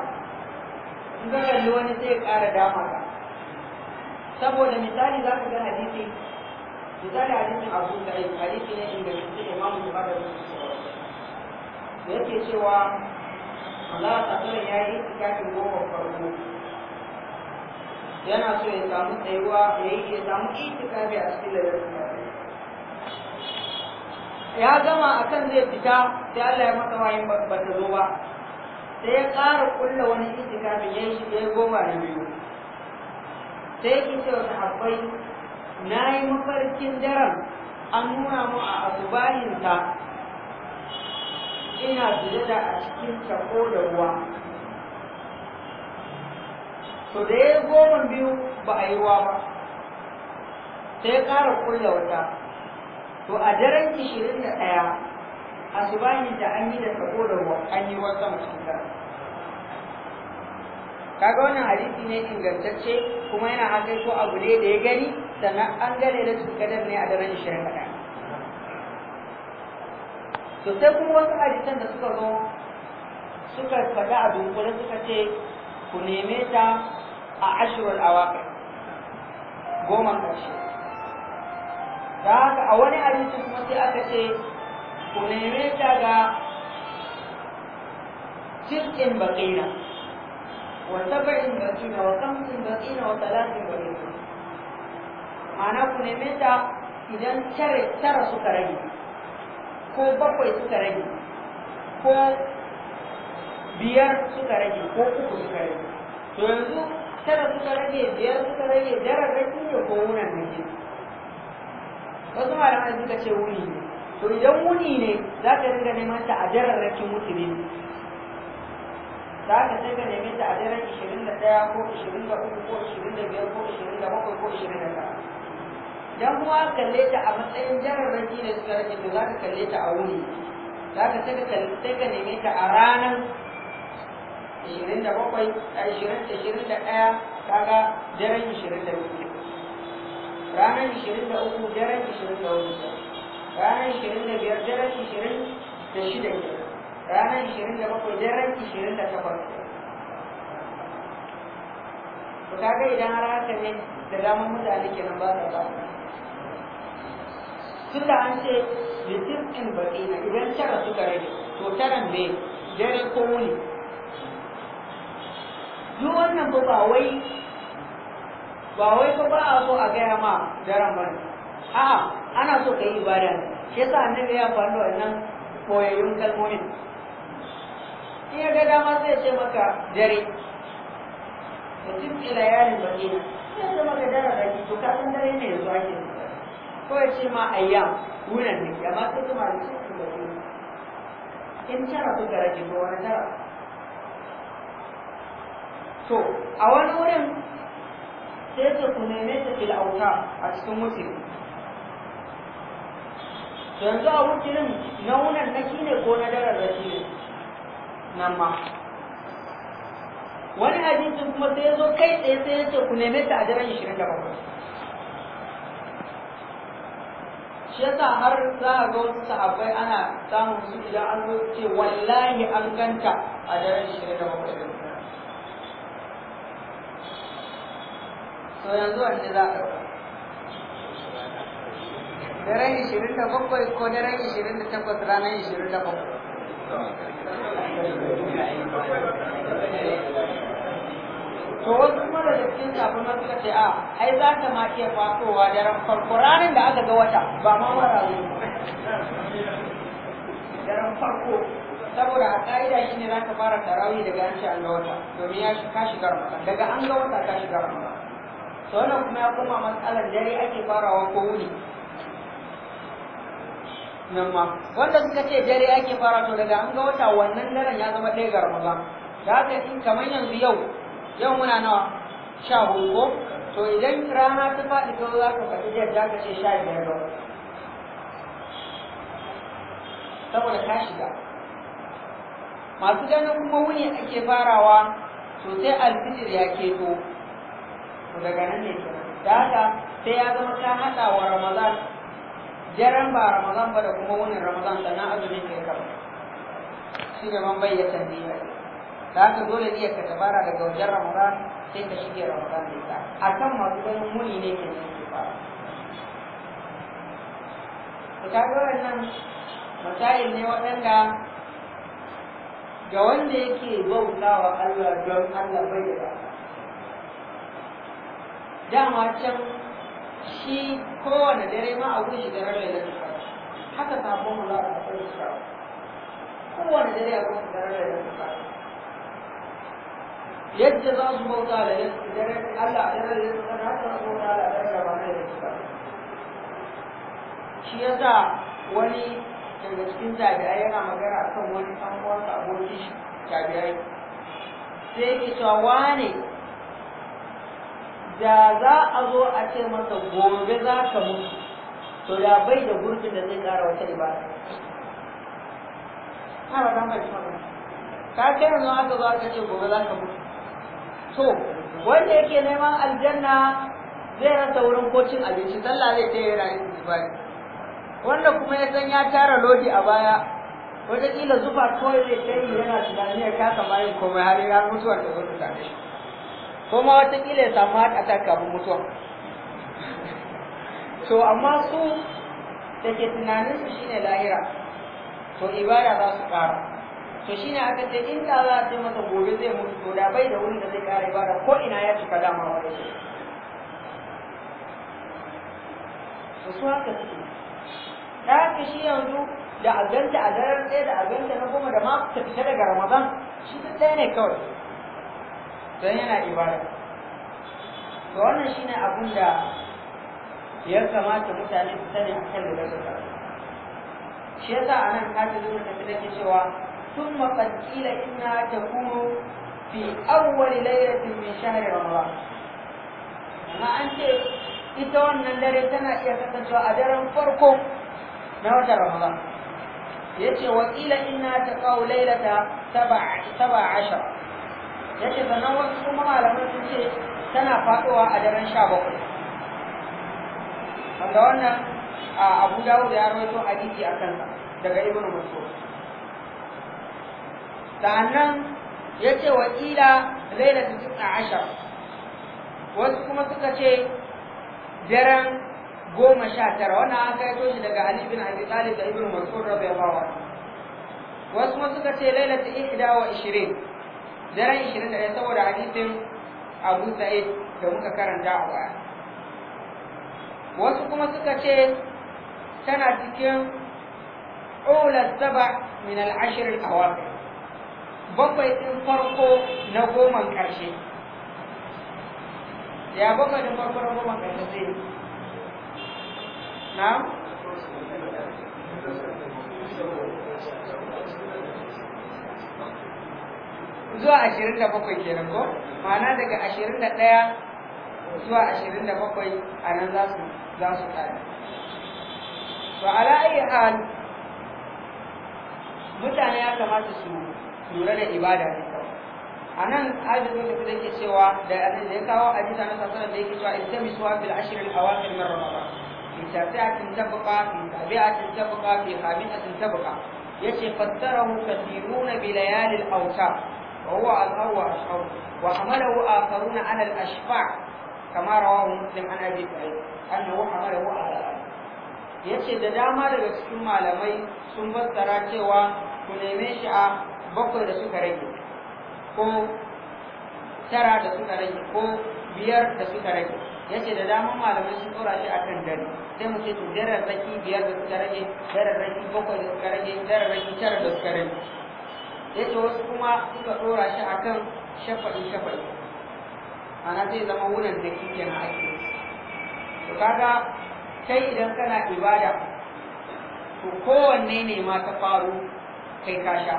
in kaka kalli wani zai ƙara dama ka saboda misali za ka ga hadisi misali hadisin abu yi, hadisi ne inda shi imamu ba da yake cewa Allah ta tsara ya yi tikafin goma farko yana so ya samu tsayuwa ya yi ya samu itikafi a cikin lalata ya gama akan zai fita sai Allah ya masa wayin ba ta zo ba sai ya ƙara kulla wani itikafi ya yi goma da biyu sai yake cewa sahabbai na yi mafarkin daren an nuna mu a asubahinsa ina da a cikin tako da ruwa to da ya yi goma biyu ba a yi ruwa ba sai ya ƙara kulla wata to a daren ishirin da ɗaya asubahinta an yi da tako da ruwa an yi ruwan sama cikin kaga wannan hadisi ne ingantacce kuma yana haka ko abu ne da ya gani sannan an gane da kadan ne a daren shirin kada to sai kuma wasu hadisan da suka zo suka faɗa a dunkule suka ce ku neme ta a ashirar awaƙi goma ƙarshe da haka a wani hadisi kuma sai aka ce ku neme ta ga cikin baƙina وسبع بقين وخمس بقين وثلاث بقين ma'ana ku neme ta idan tara suka rage ko bakwai suka rage ko biyar suka rage ko uku suka rage to yanzu tara suka rage biyar suka rage dararraki ne ko wunan nake wasu malamai suka ce wuni ne to idan wuni ne za ka dinga neman ta a jararrakin mutu da sai ka neme ta a daren ishirin da ɗaya ko ishirin da uku ko ishirin da biyar ko ishirin da bakwai ko ishirin da tara dan kuma kalle ta a matsayin jararraki da suka rage to za ka kalle ta a wuni za ka sai ka neme ta a ranar ishirin da bakwai a ishirin ishirin da ɗaya kaga daren ishirin da biyu ranar ishirin da uku daren ishirin da hudu ranar ishirin da biyar daren ishirin da shida kenan ranar ishirin da bakwai 27 daren 28 to kaga idan har haka ne da damar mutane kenan ba sa ba tunda an ce litirkin baƙi na idan tara suka rage to taran ne dare ko wuni duk wannan ba ba wai ba wai ba a so a gaya ma daren ba a'a ana so ka yi ibada shi yasa annabi ya faru da wannan koyayyun kalmomin in ya dama zai ce maka dare mutum ce layalin bakina zai ce maka dare da ki to ka dare ne yanzu ake ko ya ma ayyam wunan ne ma sai kuma da shi da in tara kuka rage ko wani tara to a wani wurin sai ta a cikin yanzu a wukirin na wunan na shi ne ko na ne nan ma wani hadisin kuma sai ya zo kai tsaye sai ya ce ku neme ta a daren 27 shi yasa har za a ga wasu sahabbai ana samun su idan an zo ce wallahi an ganta a daren 27 so yanzu wanne za a ɗauka daren 27 ko daren 28 ranar 27 to wasu kuma da cikin kafin suka ce a ai za ta ma ke fasowa daren farko ranar da aka ga wata ba ma mara zo daren farko saboda a ka'ida shi ne za ka fara tarawih daga an ce an ga wata domin ya ka shiga ramadan daga an ga wata ka shiga ramadan to wannan kuma ya koma matsalar dare ake farawa ko wuni nan ma wanda suka ce dare yake fara to daga an ga wata wannan daren ya zama ɗaya ga ramadan za ka in kamar yanzu yau yau muna nawa sha hudu to idan rana ta faɗi to za ka faɗi da za ka ce sha biyar ba saboda ka shiga masu ganin kuma wuni ake farawa to sai alfijir ya keto to daga nan ne kenan da haka sai ya zama ka haɗa wa ramadan jaran ba ramadan ba da kuma wunin ramadan da azumin azumi ke kama shi ne man bayyana ne da ka dole ne ka tabara daga wajen ramadan sai ka shige ramadan da ita akan masu ganin muni ne ke nan ke fara ku ta ga wannan misalin ne waɗanda ga wanda yake bautawa Allah don Allah bai da dama can shi kowane dare ma a da daren da shi, haka sabon mu za a tafi da kowane dare a da daren da shi. yadda za su bauta da dare Allah a daren da qadr haka za su bauta da daren da ba na lailatul qadr shi sa wani daga cikin tabi'ai yana magana akan wani samuwar uwansa abokin shi tabi'ai sai ke cewa wane da za a zo a ce masa gobe za ka mutu to ya bai da gurbin da zai kara wata ibada ka ce yanzu aka zo aka ce gobe za ka mutu to wanda yake neman aljanna zai rasa wurin kocin abinci sallah zai ta yi rayu zubari wanda kuma ya san ya tara lodi a baya ila zufa kawai zai ta yi yana tunani ya kasa mayin komai har ya mutuwar da zai ta tare shi ko ma watakila ya samu haɗa ta kafin mutuwa to amma su da ke tunanin su shine lahira to ibada za su ƙara to shine aka ce in ta za a ce masa gobe zai mutu to da bai da wurin da zai ƙara ibada ko ina ya cika dama wani to su haka suke da haka shi yanzu da a ganta a daren ɗaya da a ganta na goma da ma ta fita daga ramadan shi ta ɗaya ne kawai don yana ibada to wannan shine abin da ya kamata mutane su sani a kan da suka shi yasa a nan ta tafi da tafi take cewa sun maƙaƙila ina ta kuma fi awwali lailatin min shahri ramadan amma an ce ita wannan dare tana iya kasancewa a daren farko na watan ramadan ce wa qila inna taqaw lailata 17 ya ce sannan wasu kuma malamai sun ce tana faɗowa a daren sha bakwai wanda wannan abu da ya rawaito hadisi a kansa daga ibn mas'ud nan ya ce wa ƙila lailatu tis'a ashar wasu kuma suka ce daren goma sha tara wannan an kaito shi daga Ali bin Abi Talib da Ibn Mas'ud radiyallahu anhu wasu kuma suka ce lailatu ihda wa ishirin daren 21 saboda hadisin Abu Sa'id da muka karanta a baya wasu kuma suka ce tana cikin Ola umm saba min al-ashr bakwai din farko na goma karshe ya bakwai din farko na goma karshe sai na zuwa ashirin da bakwai kenan ko ma'ana daga ashirin da ɗaya zuwa ashirin da bakwai a nan za su ƙari kare to ala ayi hal mutane ya kamata su lura da ibada ne a nan hadisin da ke cewa da da ya kawo a jita na sasana da yake cewa istami suwa bil ashirin a awakhir min ba fi tasi'atin tabqa fi sabi'atin tabqa fi khamisatin tabqa yace fassarahu kathiruna bi nuna bilayalin awtar وهو أظهر وأشهر وحمله آخرون على الأشفاع كما رواه مسلم عن أبي سعيد أنه حمله على الأرض yace da dama daga cikin malamai sun fassara cewa ku neme shi a bakwai da suka rage ko tara da suka yace da dama malamai sun tsora shi akan dare sai mu ce to daren raki biyar da suka rage daren raki bakwai da suka rage daren raki tara da suka rage yake wasu kuma suka dora shi akan shafa'i shafa'i ana zai zama wunan da kike na ake to kaga kai idan kana ibada to kowanne ne ma ta faru kai ka sha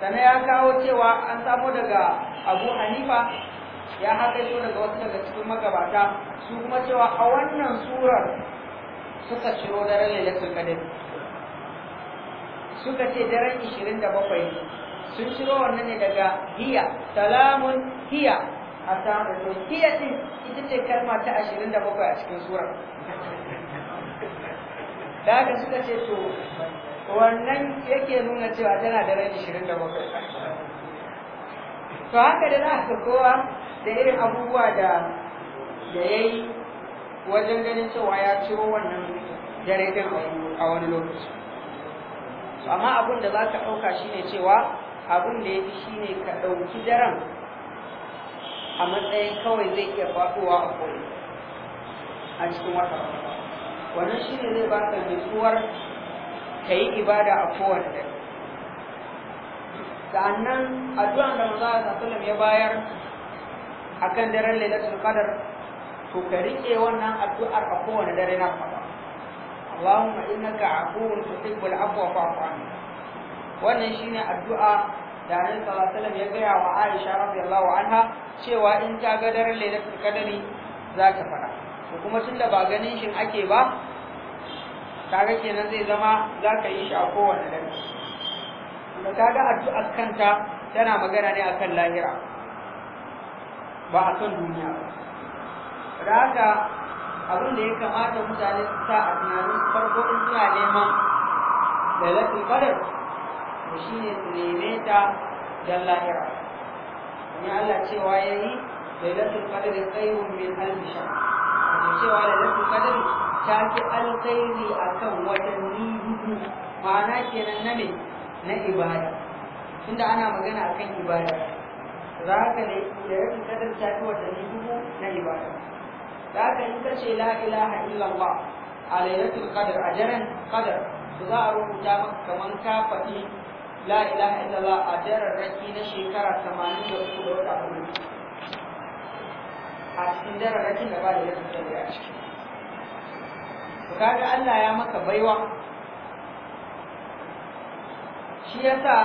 sannan ya kawo cewa an samo daga abu hanifa ya yi daga wasu daga cikin magabata su kuma cewa a wannan surar suka ciro daren lailatul kadai. suka ce daren 27 sun shiro wannan ne daga hiya salamun hiya a samun to hiya din ita ce kalma ta 27 a cikin zuwa. da haka suka ce to wannan yake nuna cewa tana da bakwai. 27 to haka da za a kowa da irin abubuwa da da ya yi wajen ganin cewa ya ciro wannan dare a wani lokaci amma abin da za ka ɗauka shine cewa abin da ya fi shine ka ɗauki daren a matsayin kawai zai iya faɗowa a kone a cikin wata wannan shine zai ba ka nutsuwar ka yi ibada a kowane dare sa'annan addu'an da manzo a sallam ya bayar akan daren lailatul qadar to ka rike wannan addu'ar a kowane dare na Allahumma innaka afuwun tuhibbul afwa fa'fu anni wannan shine addu'a da Annabi sallallahu alaihi wasallam ya gaya wa Aisha radiyallahu anha cewa in ta ga daren lailatul qadari za ta fara to kuma tunda ba ganin shin ake ba kaga kenan zai zama za ka yi shi a kowanne dare da kaga addu'ar kanta tana magana ne akan lahira ba akan duniya ba da haka abin da ya kamata mutane su sa a tunanin farko in suna neman lailatul qadr shi shine su neme ta don lahira ne Allah cewa ya yayi lailatul qadr khairun min mai halisha da cewa da lafi kadar ta fi alkhairi akan watanni dubu ma'ana kenan na me na ibada tunda ana magana akan ibada za ka ne lafi kadar ta fi watanni dubu na ibada da haka in ka ce la ilaha illallah a lailatul qadr a daren qadr su za a rubuta maka kaman ka faɗi la ilaha illallah a daren raki na shekara 83 da wata hudu a cikin daren raki da ba da yadda ta a ciki to kaga Allah ya maka baiwa shi ya sa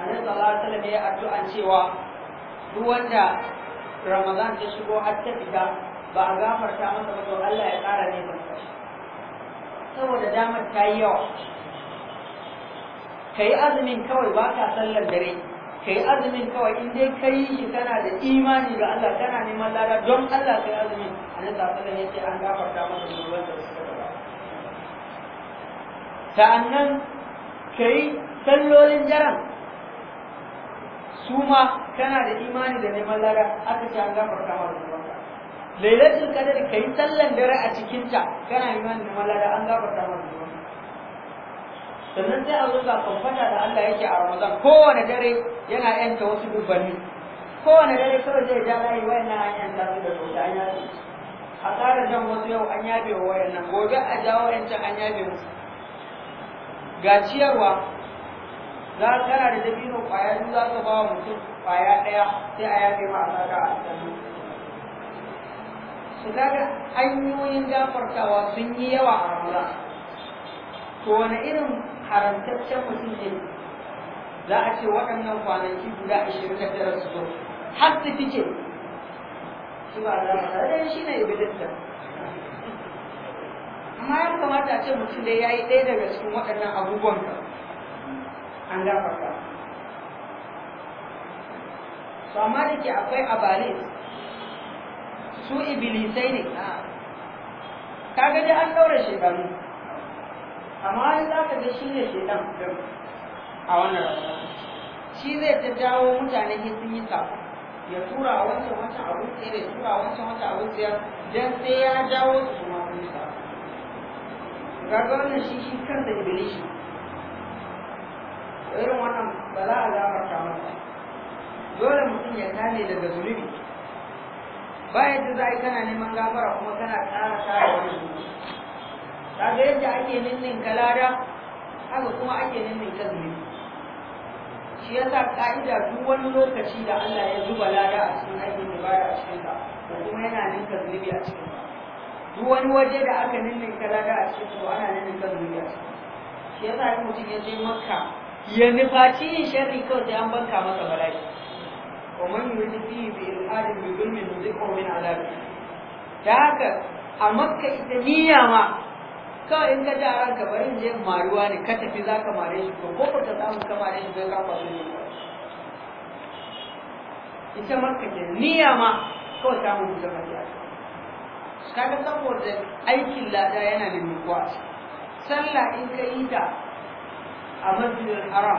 a nan tsallar wasallam ya addu'an cewa duk wanda ramadan ta shigo har ta fita ba a gafarta masa ba to Allah ya ƙara ne saboda damar ta yi yawa ka yi azumin kawai ba ka sallar dare ka yi azumin kawai in dai ka yi shi kana da imani ga Allah kana neman lada don Allah ka yi azumin a nan sasa ya ce an gafarta masa zuwan da suka gaba ka yi sallolin jaran su kana da imani da neman lada aka ce an gafarta ma zunubanka lailatul qadr kai sallan dare a cikin ta kana imani da neman lada an gafarta ma zunubanka sannan sai a zo ga kwamfata da Allah yake a Ramadan kowane dare yana yanta wasu dubbanni kowane dare kawai zai ja layi wayannan an yanta su da sosai an yafe a tsara jan wasu yau an yabe wa wayannan gobe a jawo yancan an yabe musu ga ciyarwa za a kana da dabino kwaya biyu za ka ba wa mutum kwaya ɗaya sai a yafe ma a saka a sannu su kaga hanyoyin gafartawa sun yi yawa a ramadan to wani irin haramtaccen mutum ne za a ce waɗannan kwanaki guda ashirin da tara su zo har su fice shi ba za a tare shi ne ibilinta amma ya kamata a ce mutum dai ya yi ɗaya daga cikin waɗannan abubuwan an pakar. Sama amma ke akwai abalis su iblis ini. Ah. kaga dia anda orang syaitan. amma wani za ka ga shi ne shekan a wannan rayuwa shi zai ta jawo mutane ya tura a cuma cawut ini, pura awan cuma a dia. Jangan saya don sai ya jawo su kuma sun shi iblis irin wannan ba za a gafarta masa dole mutum ya tane daga zunubi ba yadda za a yi kana neman gafara kuma kana ƙara tara wani ta ga yadda ake ninnin kalada haka kuma ake ninnin ka zunubi shi ya sa ka'ida duk wani lokaci da Allah ya zuba lada a cikin aikin ibada a cikin ka ko kuma yana ninka zunubi a cikin ka duk wani waje da aka ninnin lada a cikin to ana ninninka zunubi a cikin shi ya sa mutum ya je makka ya nufaci yin sharri kawai sai an banka masa bala'i wa man yuridu fihi bi ilhadin da zai nuziqhu min alaƙi Ta haka a makka ita niyya ma kawai in ka ji a ranka bari in je maruwa ne ka tafi za ka mare shi ko ko ta samu ka mare shi don ka kwaso ne ita makka ke niyya ma kawai samun da mafiya kaga saboda aikin lada yana da nukuwa sallah in ka yi ta a masjidil haram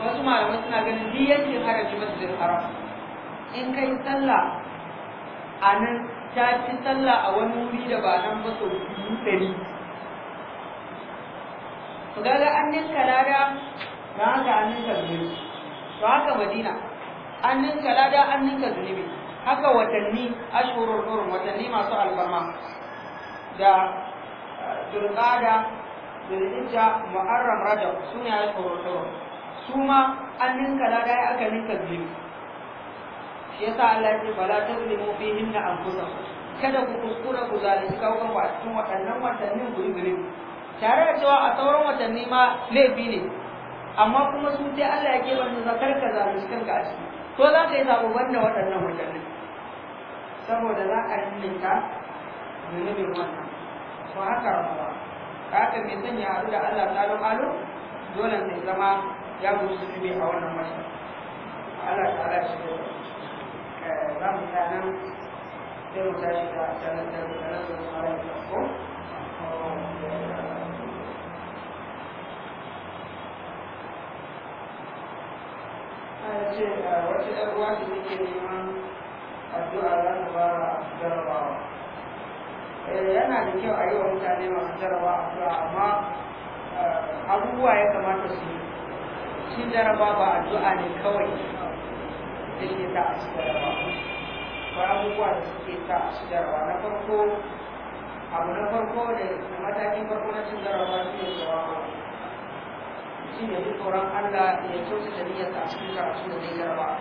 wasu malamai suna ganin niyyacin haraji masjidil haram in kai sallah a nan ta ci sallah a wani wuri da ba nan ba sau dubu ɗari ku gaga an ninka lada na haka an ninka zunubi to haka madina an ninka lada an ninka zunubi haka watanni ashurur hurum watanni masu alfarma da turkada eh, zulhijja muharram rajab suna ya tsoro su ma an ninka na ya aka ninka biyu shi yasa Allah ya ce fala tazlimu fihinna anfusakum kada ku kuskura ku zalunci kawukan ku a cikin waɗannan watannin guri tare da cewa a sauran watanni ma laifi ne amma kuma su sai Allah ya keɓe su zakar ka zalunci kanka a ciki to za ka yi sabo wannan waɗannan watannin saboda za a ninka zunubin wannan ko haka ramadan haka mai son ya haɗu da Allah taron alo dole sai zama ya guji zunubi a wannan masa Allah ta ala shi eh, za mu ta nan sai mu tashi ta sanar da mutanen su tsarin ko ce eh, wata ‘yar uwa da take neman addu'a za ta fara jarabawa Eh, yana da kyau a yi wa mutane masu jarawa addu'a amma eh, abubuwa ya kamata su yi. shi jaraba ba addu'a ne kawai da ke ta a su jaraba ba abubuwa da suke ta a su jaraba na farko abu na farko da matakin farko na cin jaraba shi ne ba shi ne tsoron Allah ya da niyyarsa a cikin karatu da zai jaraba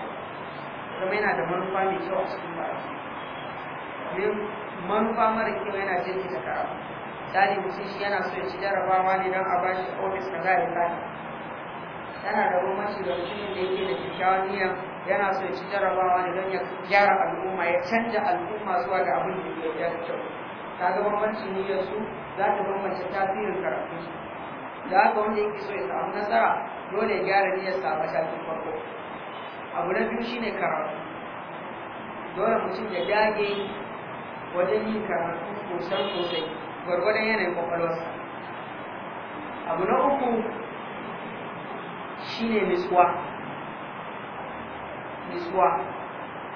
zama yana da manufa mai kyau a cikin karatu manufa mara kyau yana jirgin ta karatu misali mutum shi yana so ya ci jarabawa ne don a ba shi ofis na za ya yana da shi da mutumin da yake da kyakkyawan niyya yana so ya ci jarabawa ne don ya gyara al'umma ya canja al'umma zuwa ga abin da ya gyara kyau ta ga bambancin niyyar su za ta bambance tasirin karatu da haka wanda yake so ya samu nasara dole ya gyara niyyar sa a matakin farko abu na biyu shine karatu dole mutum ya dage wajen yin karatu sosai sosai gwargwadon yanayin kwakwalwarsa abu na uku shine miswa nisuwa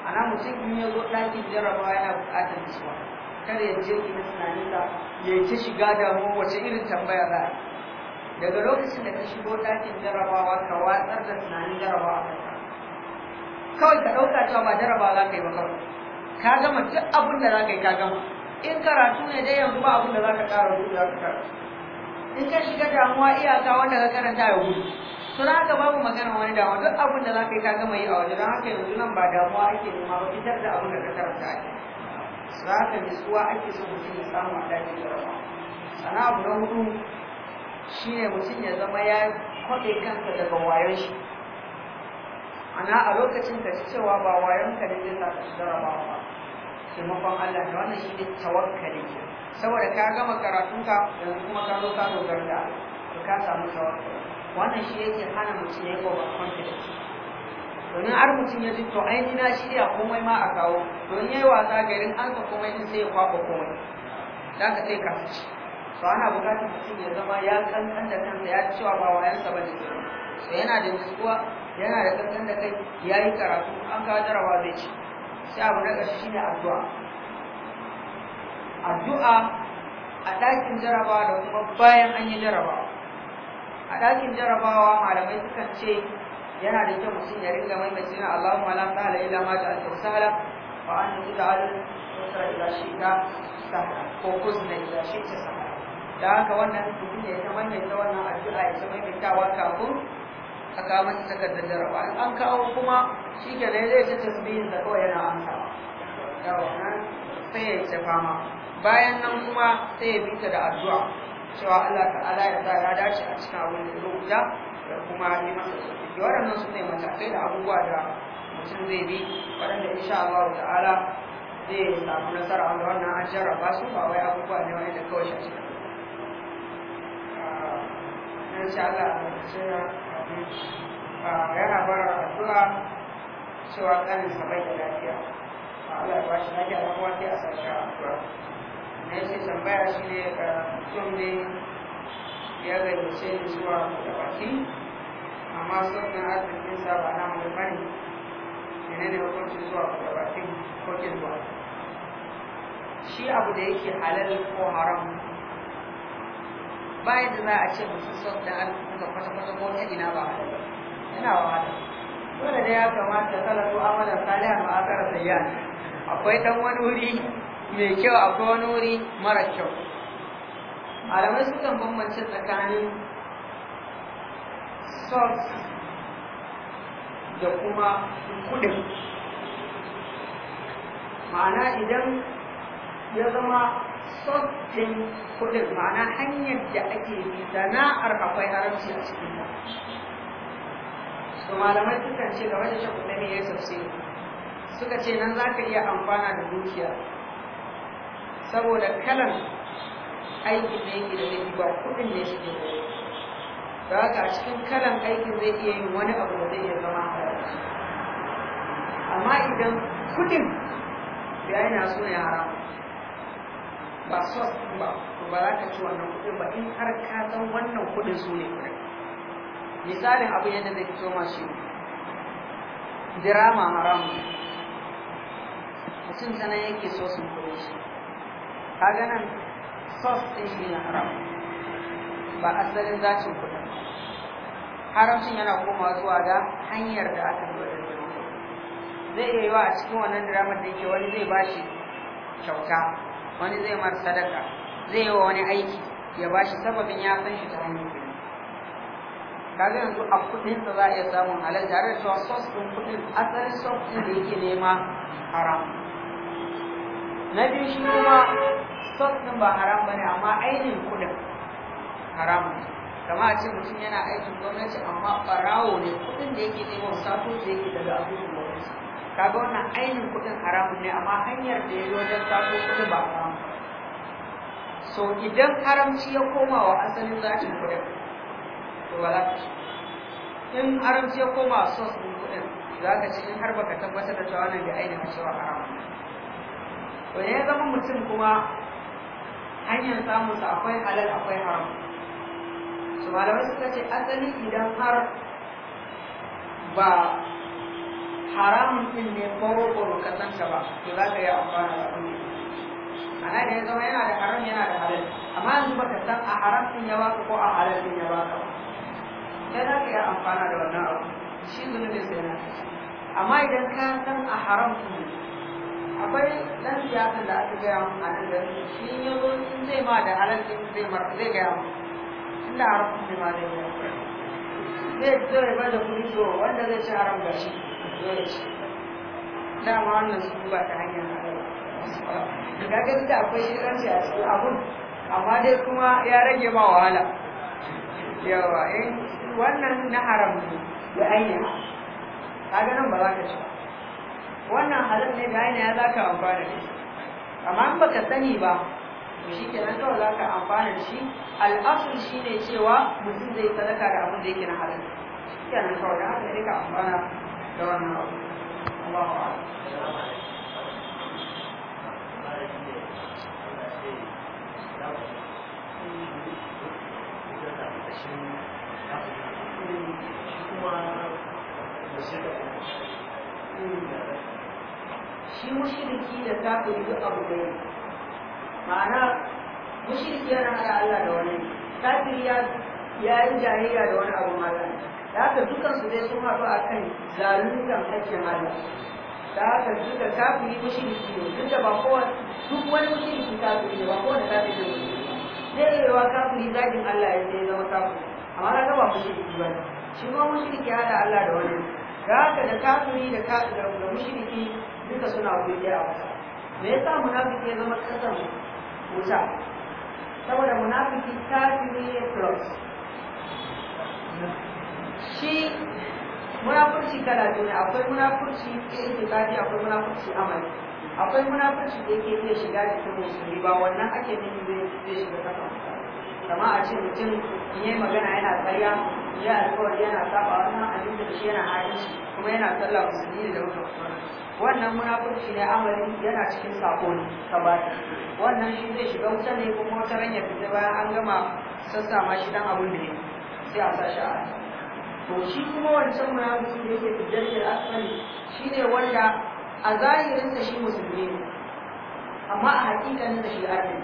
ana mutum in ya zo ɗakin jarabawa yana buƙatar miswa kada ya je ina da ya yi ta shiga damuwa wace irin tambaya za a daga lokacin da ka shigo ɗakin jarabawa ka watsar da tunanin jarabawa kawai ka ɗauka cewa ba jarabawa za ka yi ba kawai ka gama duk abin da za ka yi ka gama in karatu ne dai yanzu ba abin da za ka ƙara rubuta ka karatu in ka shiga damuwa iyaka wanda ka karanta ya gudu to na ka babu magana wani damuwa duk abin da za ka yi ka gama yi a waje don haka yanzu nan ba damuwa ake nema ba fitar da abin da ka karanta ake za ka nutsuwa ake so mutum ya samu a ɗakin jarabawa sana abu na hudu shi ne mutum ya zama ya kwaɗe kansa daga wayon shi ana a lokacin ka ci cewa ba wayon ka ne zai sa ka shi jarabawa ba taimakon Allah da wannan shi ne tawakkali saboda ka gama karatunka yanzu kuma ka zo ka dogara da to ka samu tawakkali wannan shi yake hana mutum ya yi over confidence domin har mutum ya ji to ai ni na shirya komai ma a kawo domin yi wasa garin an ka komai din sai ya kwaba komai za ka sai ka ci to ana bukatar mutum ya zama ya kankan da kansa ya cewa ba wayansa bane to yana da nutsuwa yana da kankan da kai ya yi karatu an ka jarawa zai ci sai abu na ƙarshe shine addu'a addu'a a ɗakin jarabawa da kuma bayan an yi jarabawa a ɗakin jarabawa malamai sukan ce yana da kyau mutum ya ringa mai mai suna ma la sahala illa ma ja'alta sahala wa an tuj'al yusra ila shayka sahla ko huzna ila shayka sahla da haka wannan mutum ya ta mai ta wannan addu'a ya ta mai kafin a kawo takardar jaraba an kawo kuma shi ke ne zai ci tasbihin da kawai yana amsa yawa nan sai ya yi ta fama bayan nan kuma sai ya bita da addu'a cewa Allah ta'ala ya sa ya dace a cikin abin da guda da kuma yi masa sauki waɗannan su ne matakai da abubuwa da mutum zai bi waɗanda insha Allah ta'ala zai samu nasara wanda wannan an jarraba su ba wai abubuwa ne wani da kawai shi a cikin. Ah, Allah ya yana bara addu'a cewa kanin sa bai da lafiya Allah ya bashi lafiya da kuma sai a sa shi addu'a ne sai tambaya shi ne mutum ne ya gayyace ni zuwa da baki amma sunan arzikin sa ba na mu bane da shi abu da yake halal ko haram bayan da za a ce mutum sau da an duka kwata-kwata ko ina ba hada wahala dole da ya kamata kala ko amalan salihan a akara sayyan akwai dan wani wuri mai kyau akwai wani wuri mara kyau malamai sukan bambance tsakanin salt da kuma kudin ma'ana idan ya zama source ɗin kuɗin ma'ana hanyar da ake sana'ar akwai haramci a cikin ba su malamai sukan ce game da shakku ne ya sauce suka ce nan za ka iya amfana da dukiya saboda kalan aikin da yake da zai ba kuɗin ne shi ne da ka cikin kalan aikin zai iya yin wani abu da zai iya zama amma idan kuɗin da yana so ya haramu ba sos ba ba za ka ci wannan kuɗin ba in har ka san wannan kuɗin su ne kuɗin misalin abin yadda zai fito ma shi dirama haram mutum ta nan yake so sun kuɗin shi ka ga nan sos ɗin shi ne haram ba asalin zacin kuɗin haramcin yana komawa zuwa ga hanyar da aka zuwa da zai iya yiwa a cikin wannan diramar da yake wani zai ba shi kyauta wani zai mar sadaka zai yi wa wani aiki ya ba shi sababin ya san shi ta hanyar kuɗi kaga yanzu a kuɗin da za a iya samun halal tare da cewa sos ɗin kuɗin asalin sos ɗin da yake nema haram na biyu shi kuma sos ɗin ba haram ba ne amma ainihin kuɗin haram ne kama a ce mutum yana aikin gwamnati amma ɓarawo ne kuɗin da yake nema sato da yake daga abubuwa kaga wannan ainihin kudin haramun ne amma hanyar da ya yi wajen tafi kudin ba haramun so idan haramci ya koma wa asalin zatin kuɗin to ba za ka in haramci ya koma sos din kuɗin za ka ci in har baka tabbatar da cewa nan da ainihin cewa haramun to ya zama mutum kuma hanyar samunsa akwai halal akwai haram su malamai suka ce asali idan har ba haram din ne boro-boro ka san ka ba to za ka yi amfana da abin ana da ya zama yana da haram yana da halal amma yanzu ba ka san a haram din ya baka ko a halal din ya baka sai za ka yi amfana da wannan abu shi zunubin sai na amma idan ka san a haram din akwai dan siyasa da aka gaya mun a nan gari shi ya zo in zai ma da halal din zai mar zai gaya mun da haram din ma zai gaya zai zo ya bada kuɗi to wanda zai ci haram shi. dole ce dama wannan su ba ta hanyar halar ga gaske akwai shiranci a cikin abun amma dai kuma ya rage ma wahala yawa in eh, wannan na haram ne da ainihin kaga nan ba za ka ci wannan halal ne da ainihin za ka amfana da shi amma in baka sani ba to shi ke nan kawai za ka amfana shi al'asul shi ne cewa mutum zai sadaka da abin da yake na halal shi ke nan kawai da haka ne ka amfana كما الله shi mushiriki da kafiri duk abu da yi ma'ana mushiriki yana haɗa Allah da wani kafiri ya yi jahiliya da wani abu mata da haka dukansu dai sun haɗu a kan zalunkan hakkin Allah da haka duka kafiri mushriki ne duk da ba kowa duk wani mushriki kafiri ne ba kowane kafiri ne zai iya wa kafiri zagin Allah ya sai zama kafiri amma ka ba mushriki ba shi ma mushriki ya da Allah da wani da haka da kafiri da kafiri da mushriki duka suna godiya a wasa me yasa munafiki ya zama kasan wuta saboda munafiki kafiri ne plus shi munafurci kala biyu ne akwai munafurci itikadi akwai munafurci amali akwai munafurci da yake iya shiga cikin musulmi ba wannan ake nufi zai shiga kasa kama a ce mutum in yi magana yana tsaya ya alkawari yana saba wannan abin da shi yana hajji kuma yana sallah musulmi da wata wasu wannan munafurci ne amalin yana cikin sako ne kabata wannan shi zai shiga wuta ne kuma wata ranya fita bayan an gama sassa ma shi dan abun da ne sai a sa shi a to shi kuma wancan munafiki da yake tijjani da asali shine wanda a ta shi musulmi ne amma a ne da shi arni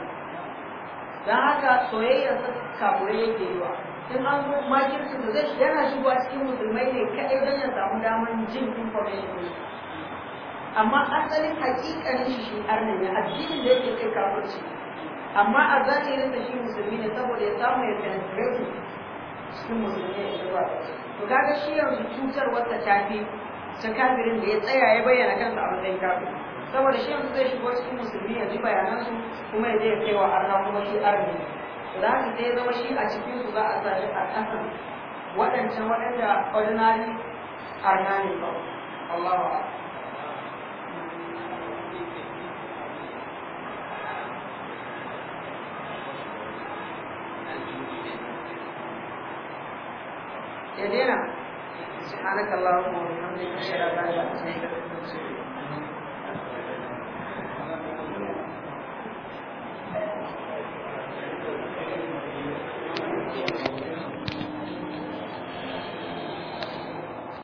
don haka soyayya ta kafirai yake yiwa, wa in an zo makircin da zai yana shigowa cikin musulmai ne kaɗai don ya samu damar jin information amma asalin hakikanin shi shi arni ne addinin da yake kai kafirci amma a ta shi musulmi ne saboda ya samu ya penetrate cikin musulmi ya shigowa da to kaga shi yanzu cutar wata tafi ta kafirin da ya tsaya ya bayyana kan a matsayin kafin saboda shi yanzu zai shigo cikin musulmi ya ji bayanansu kuma ya je ya kai wa arna kuma shi arni to da haka sai zama shi a cikin su za a sami a kasan waɗancan waɗanda ordinary arna ne ba Allahu akbar ya daina subhanaka allahumma wa bihamdika an la ilaha illa anta astaghfiruka wa atubu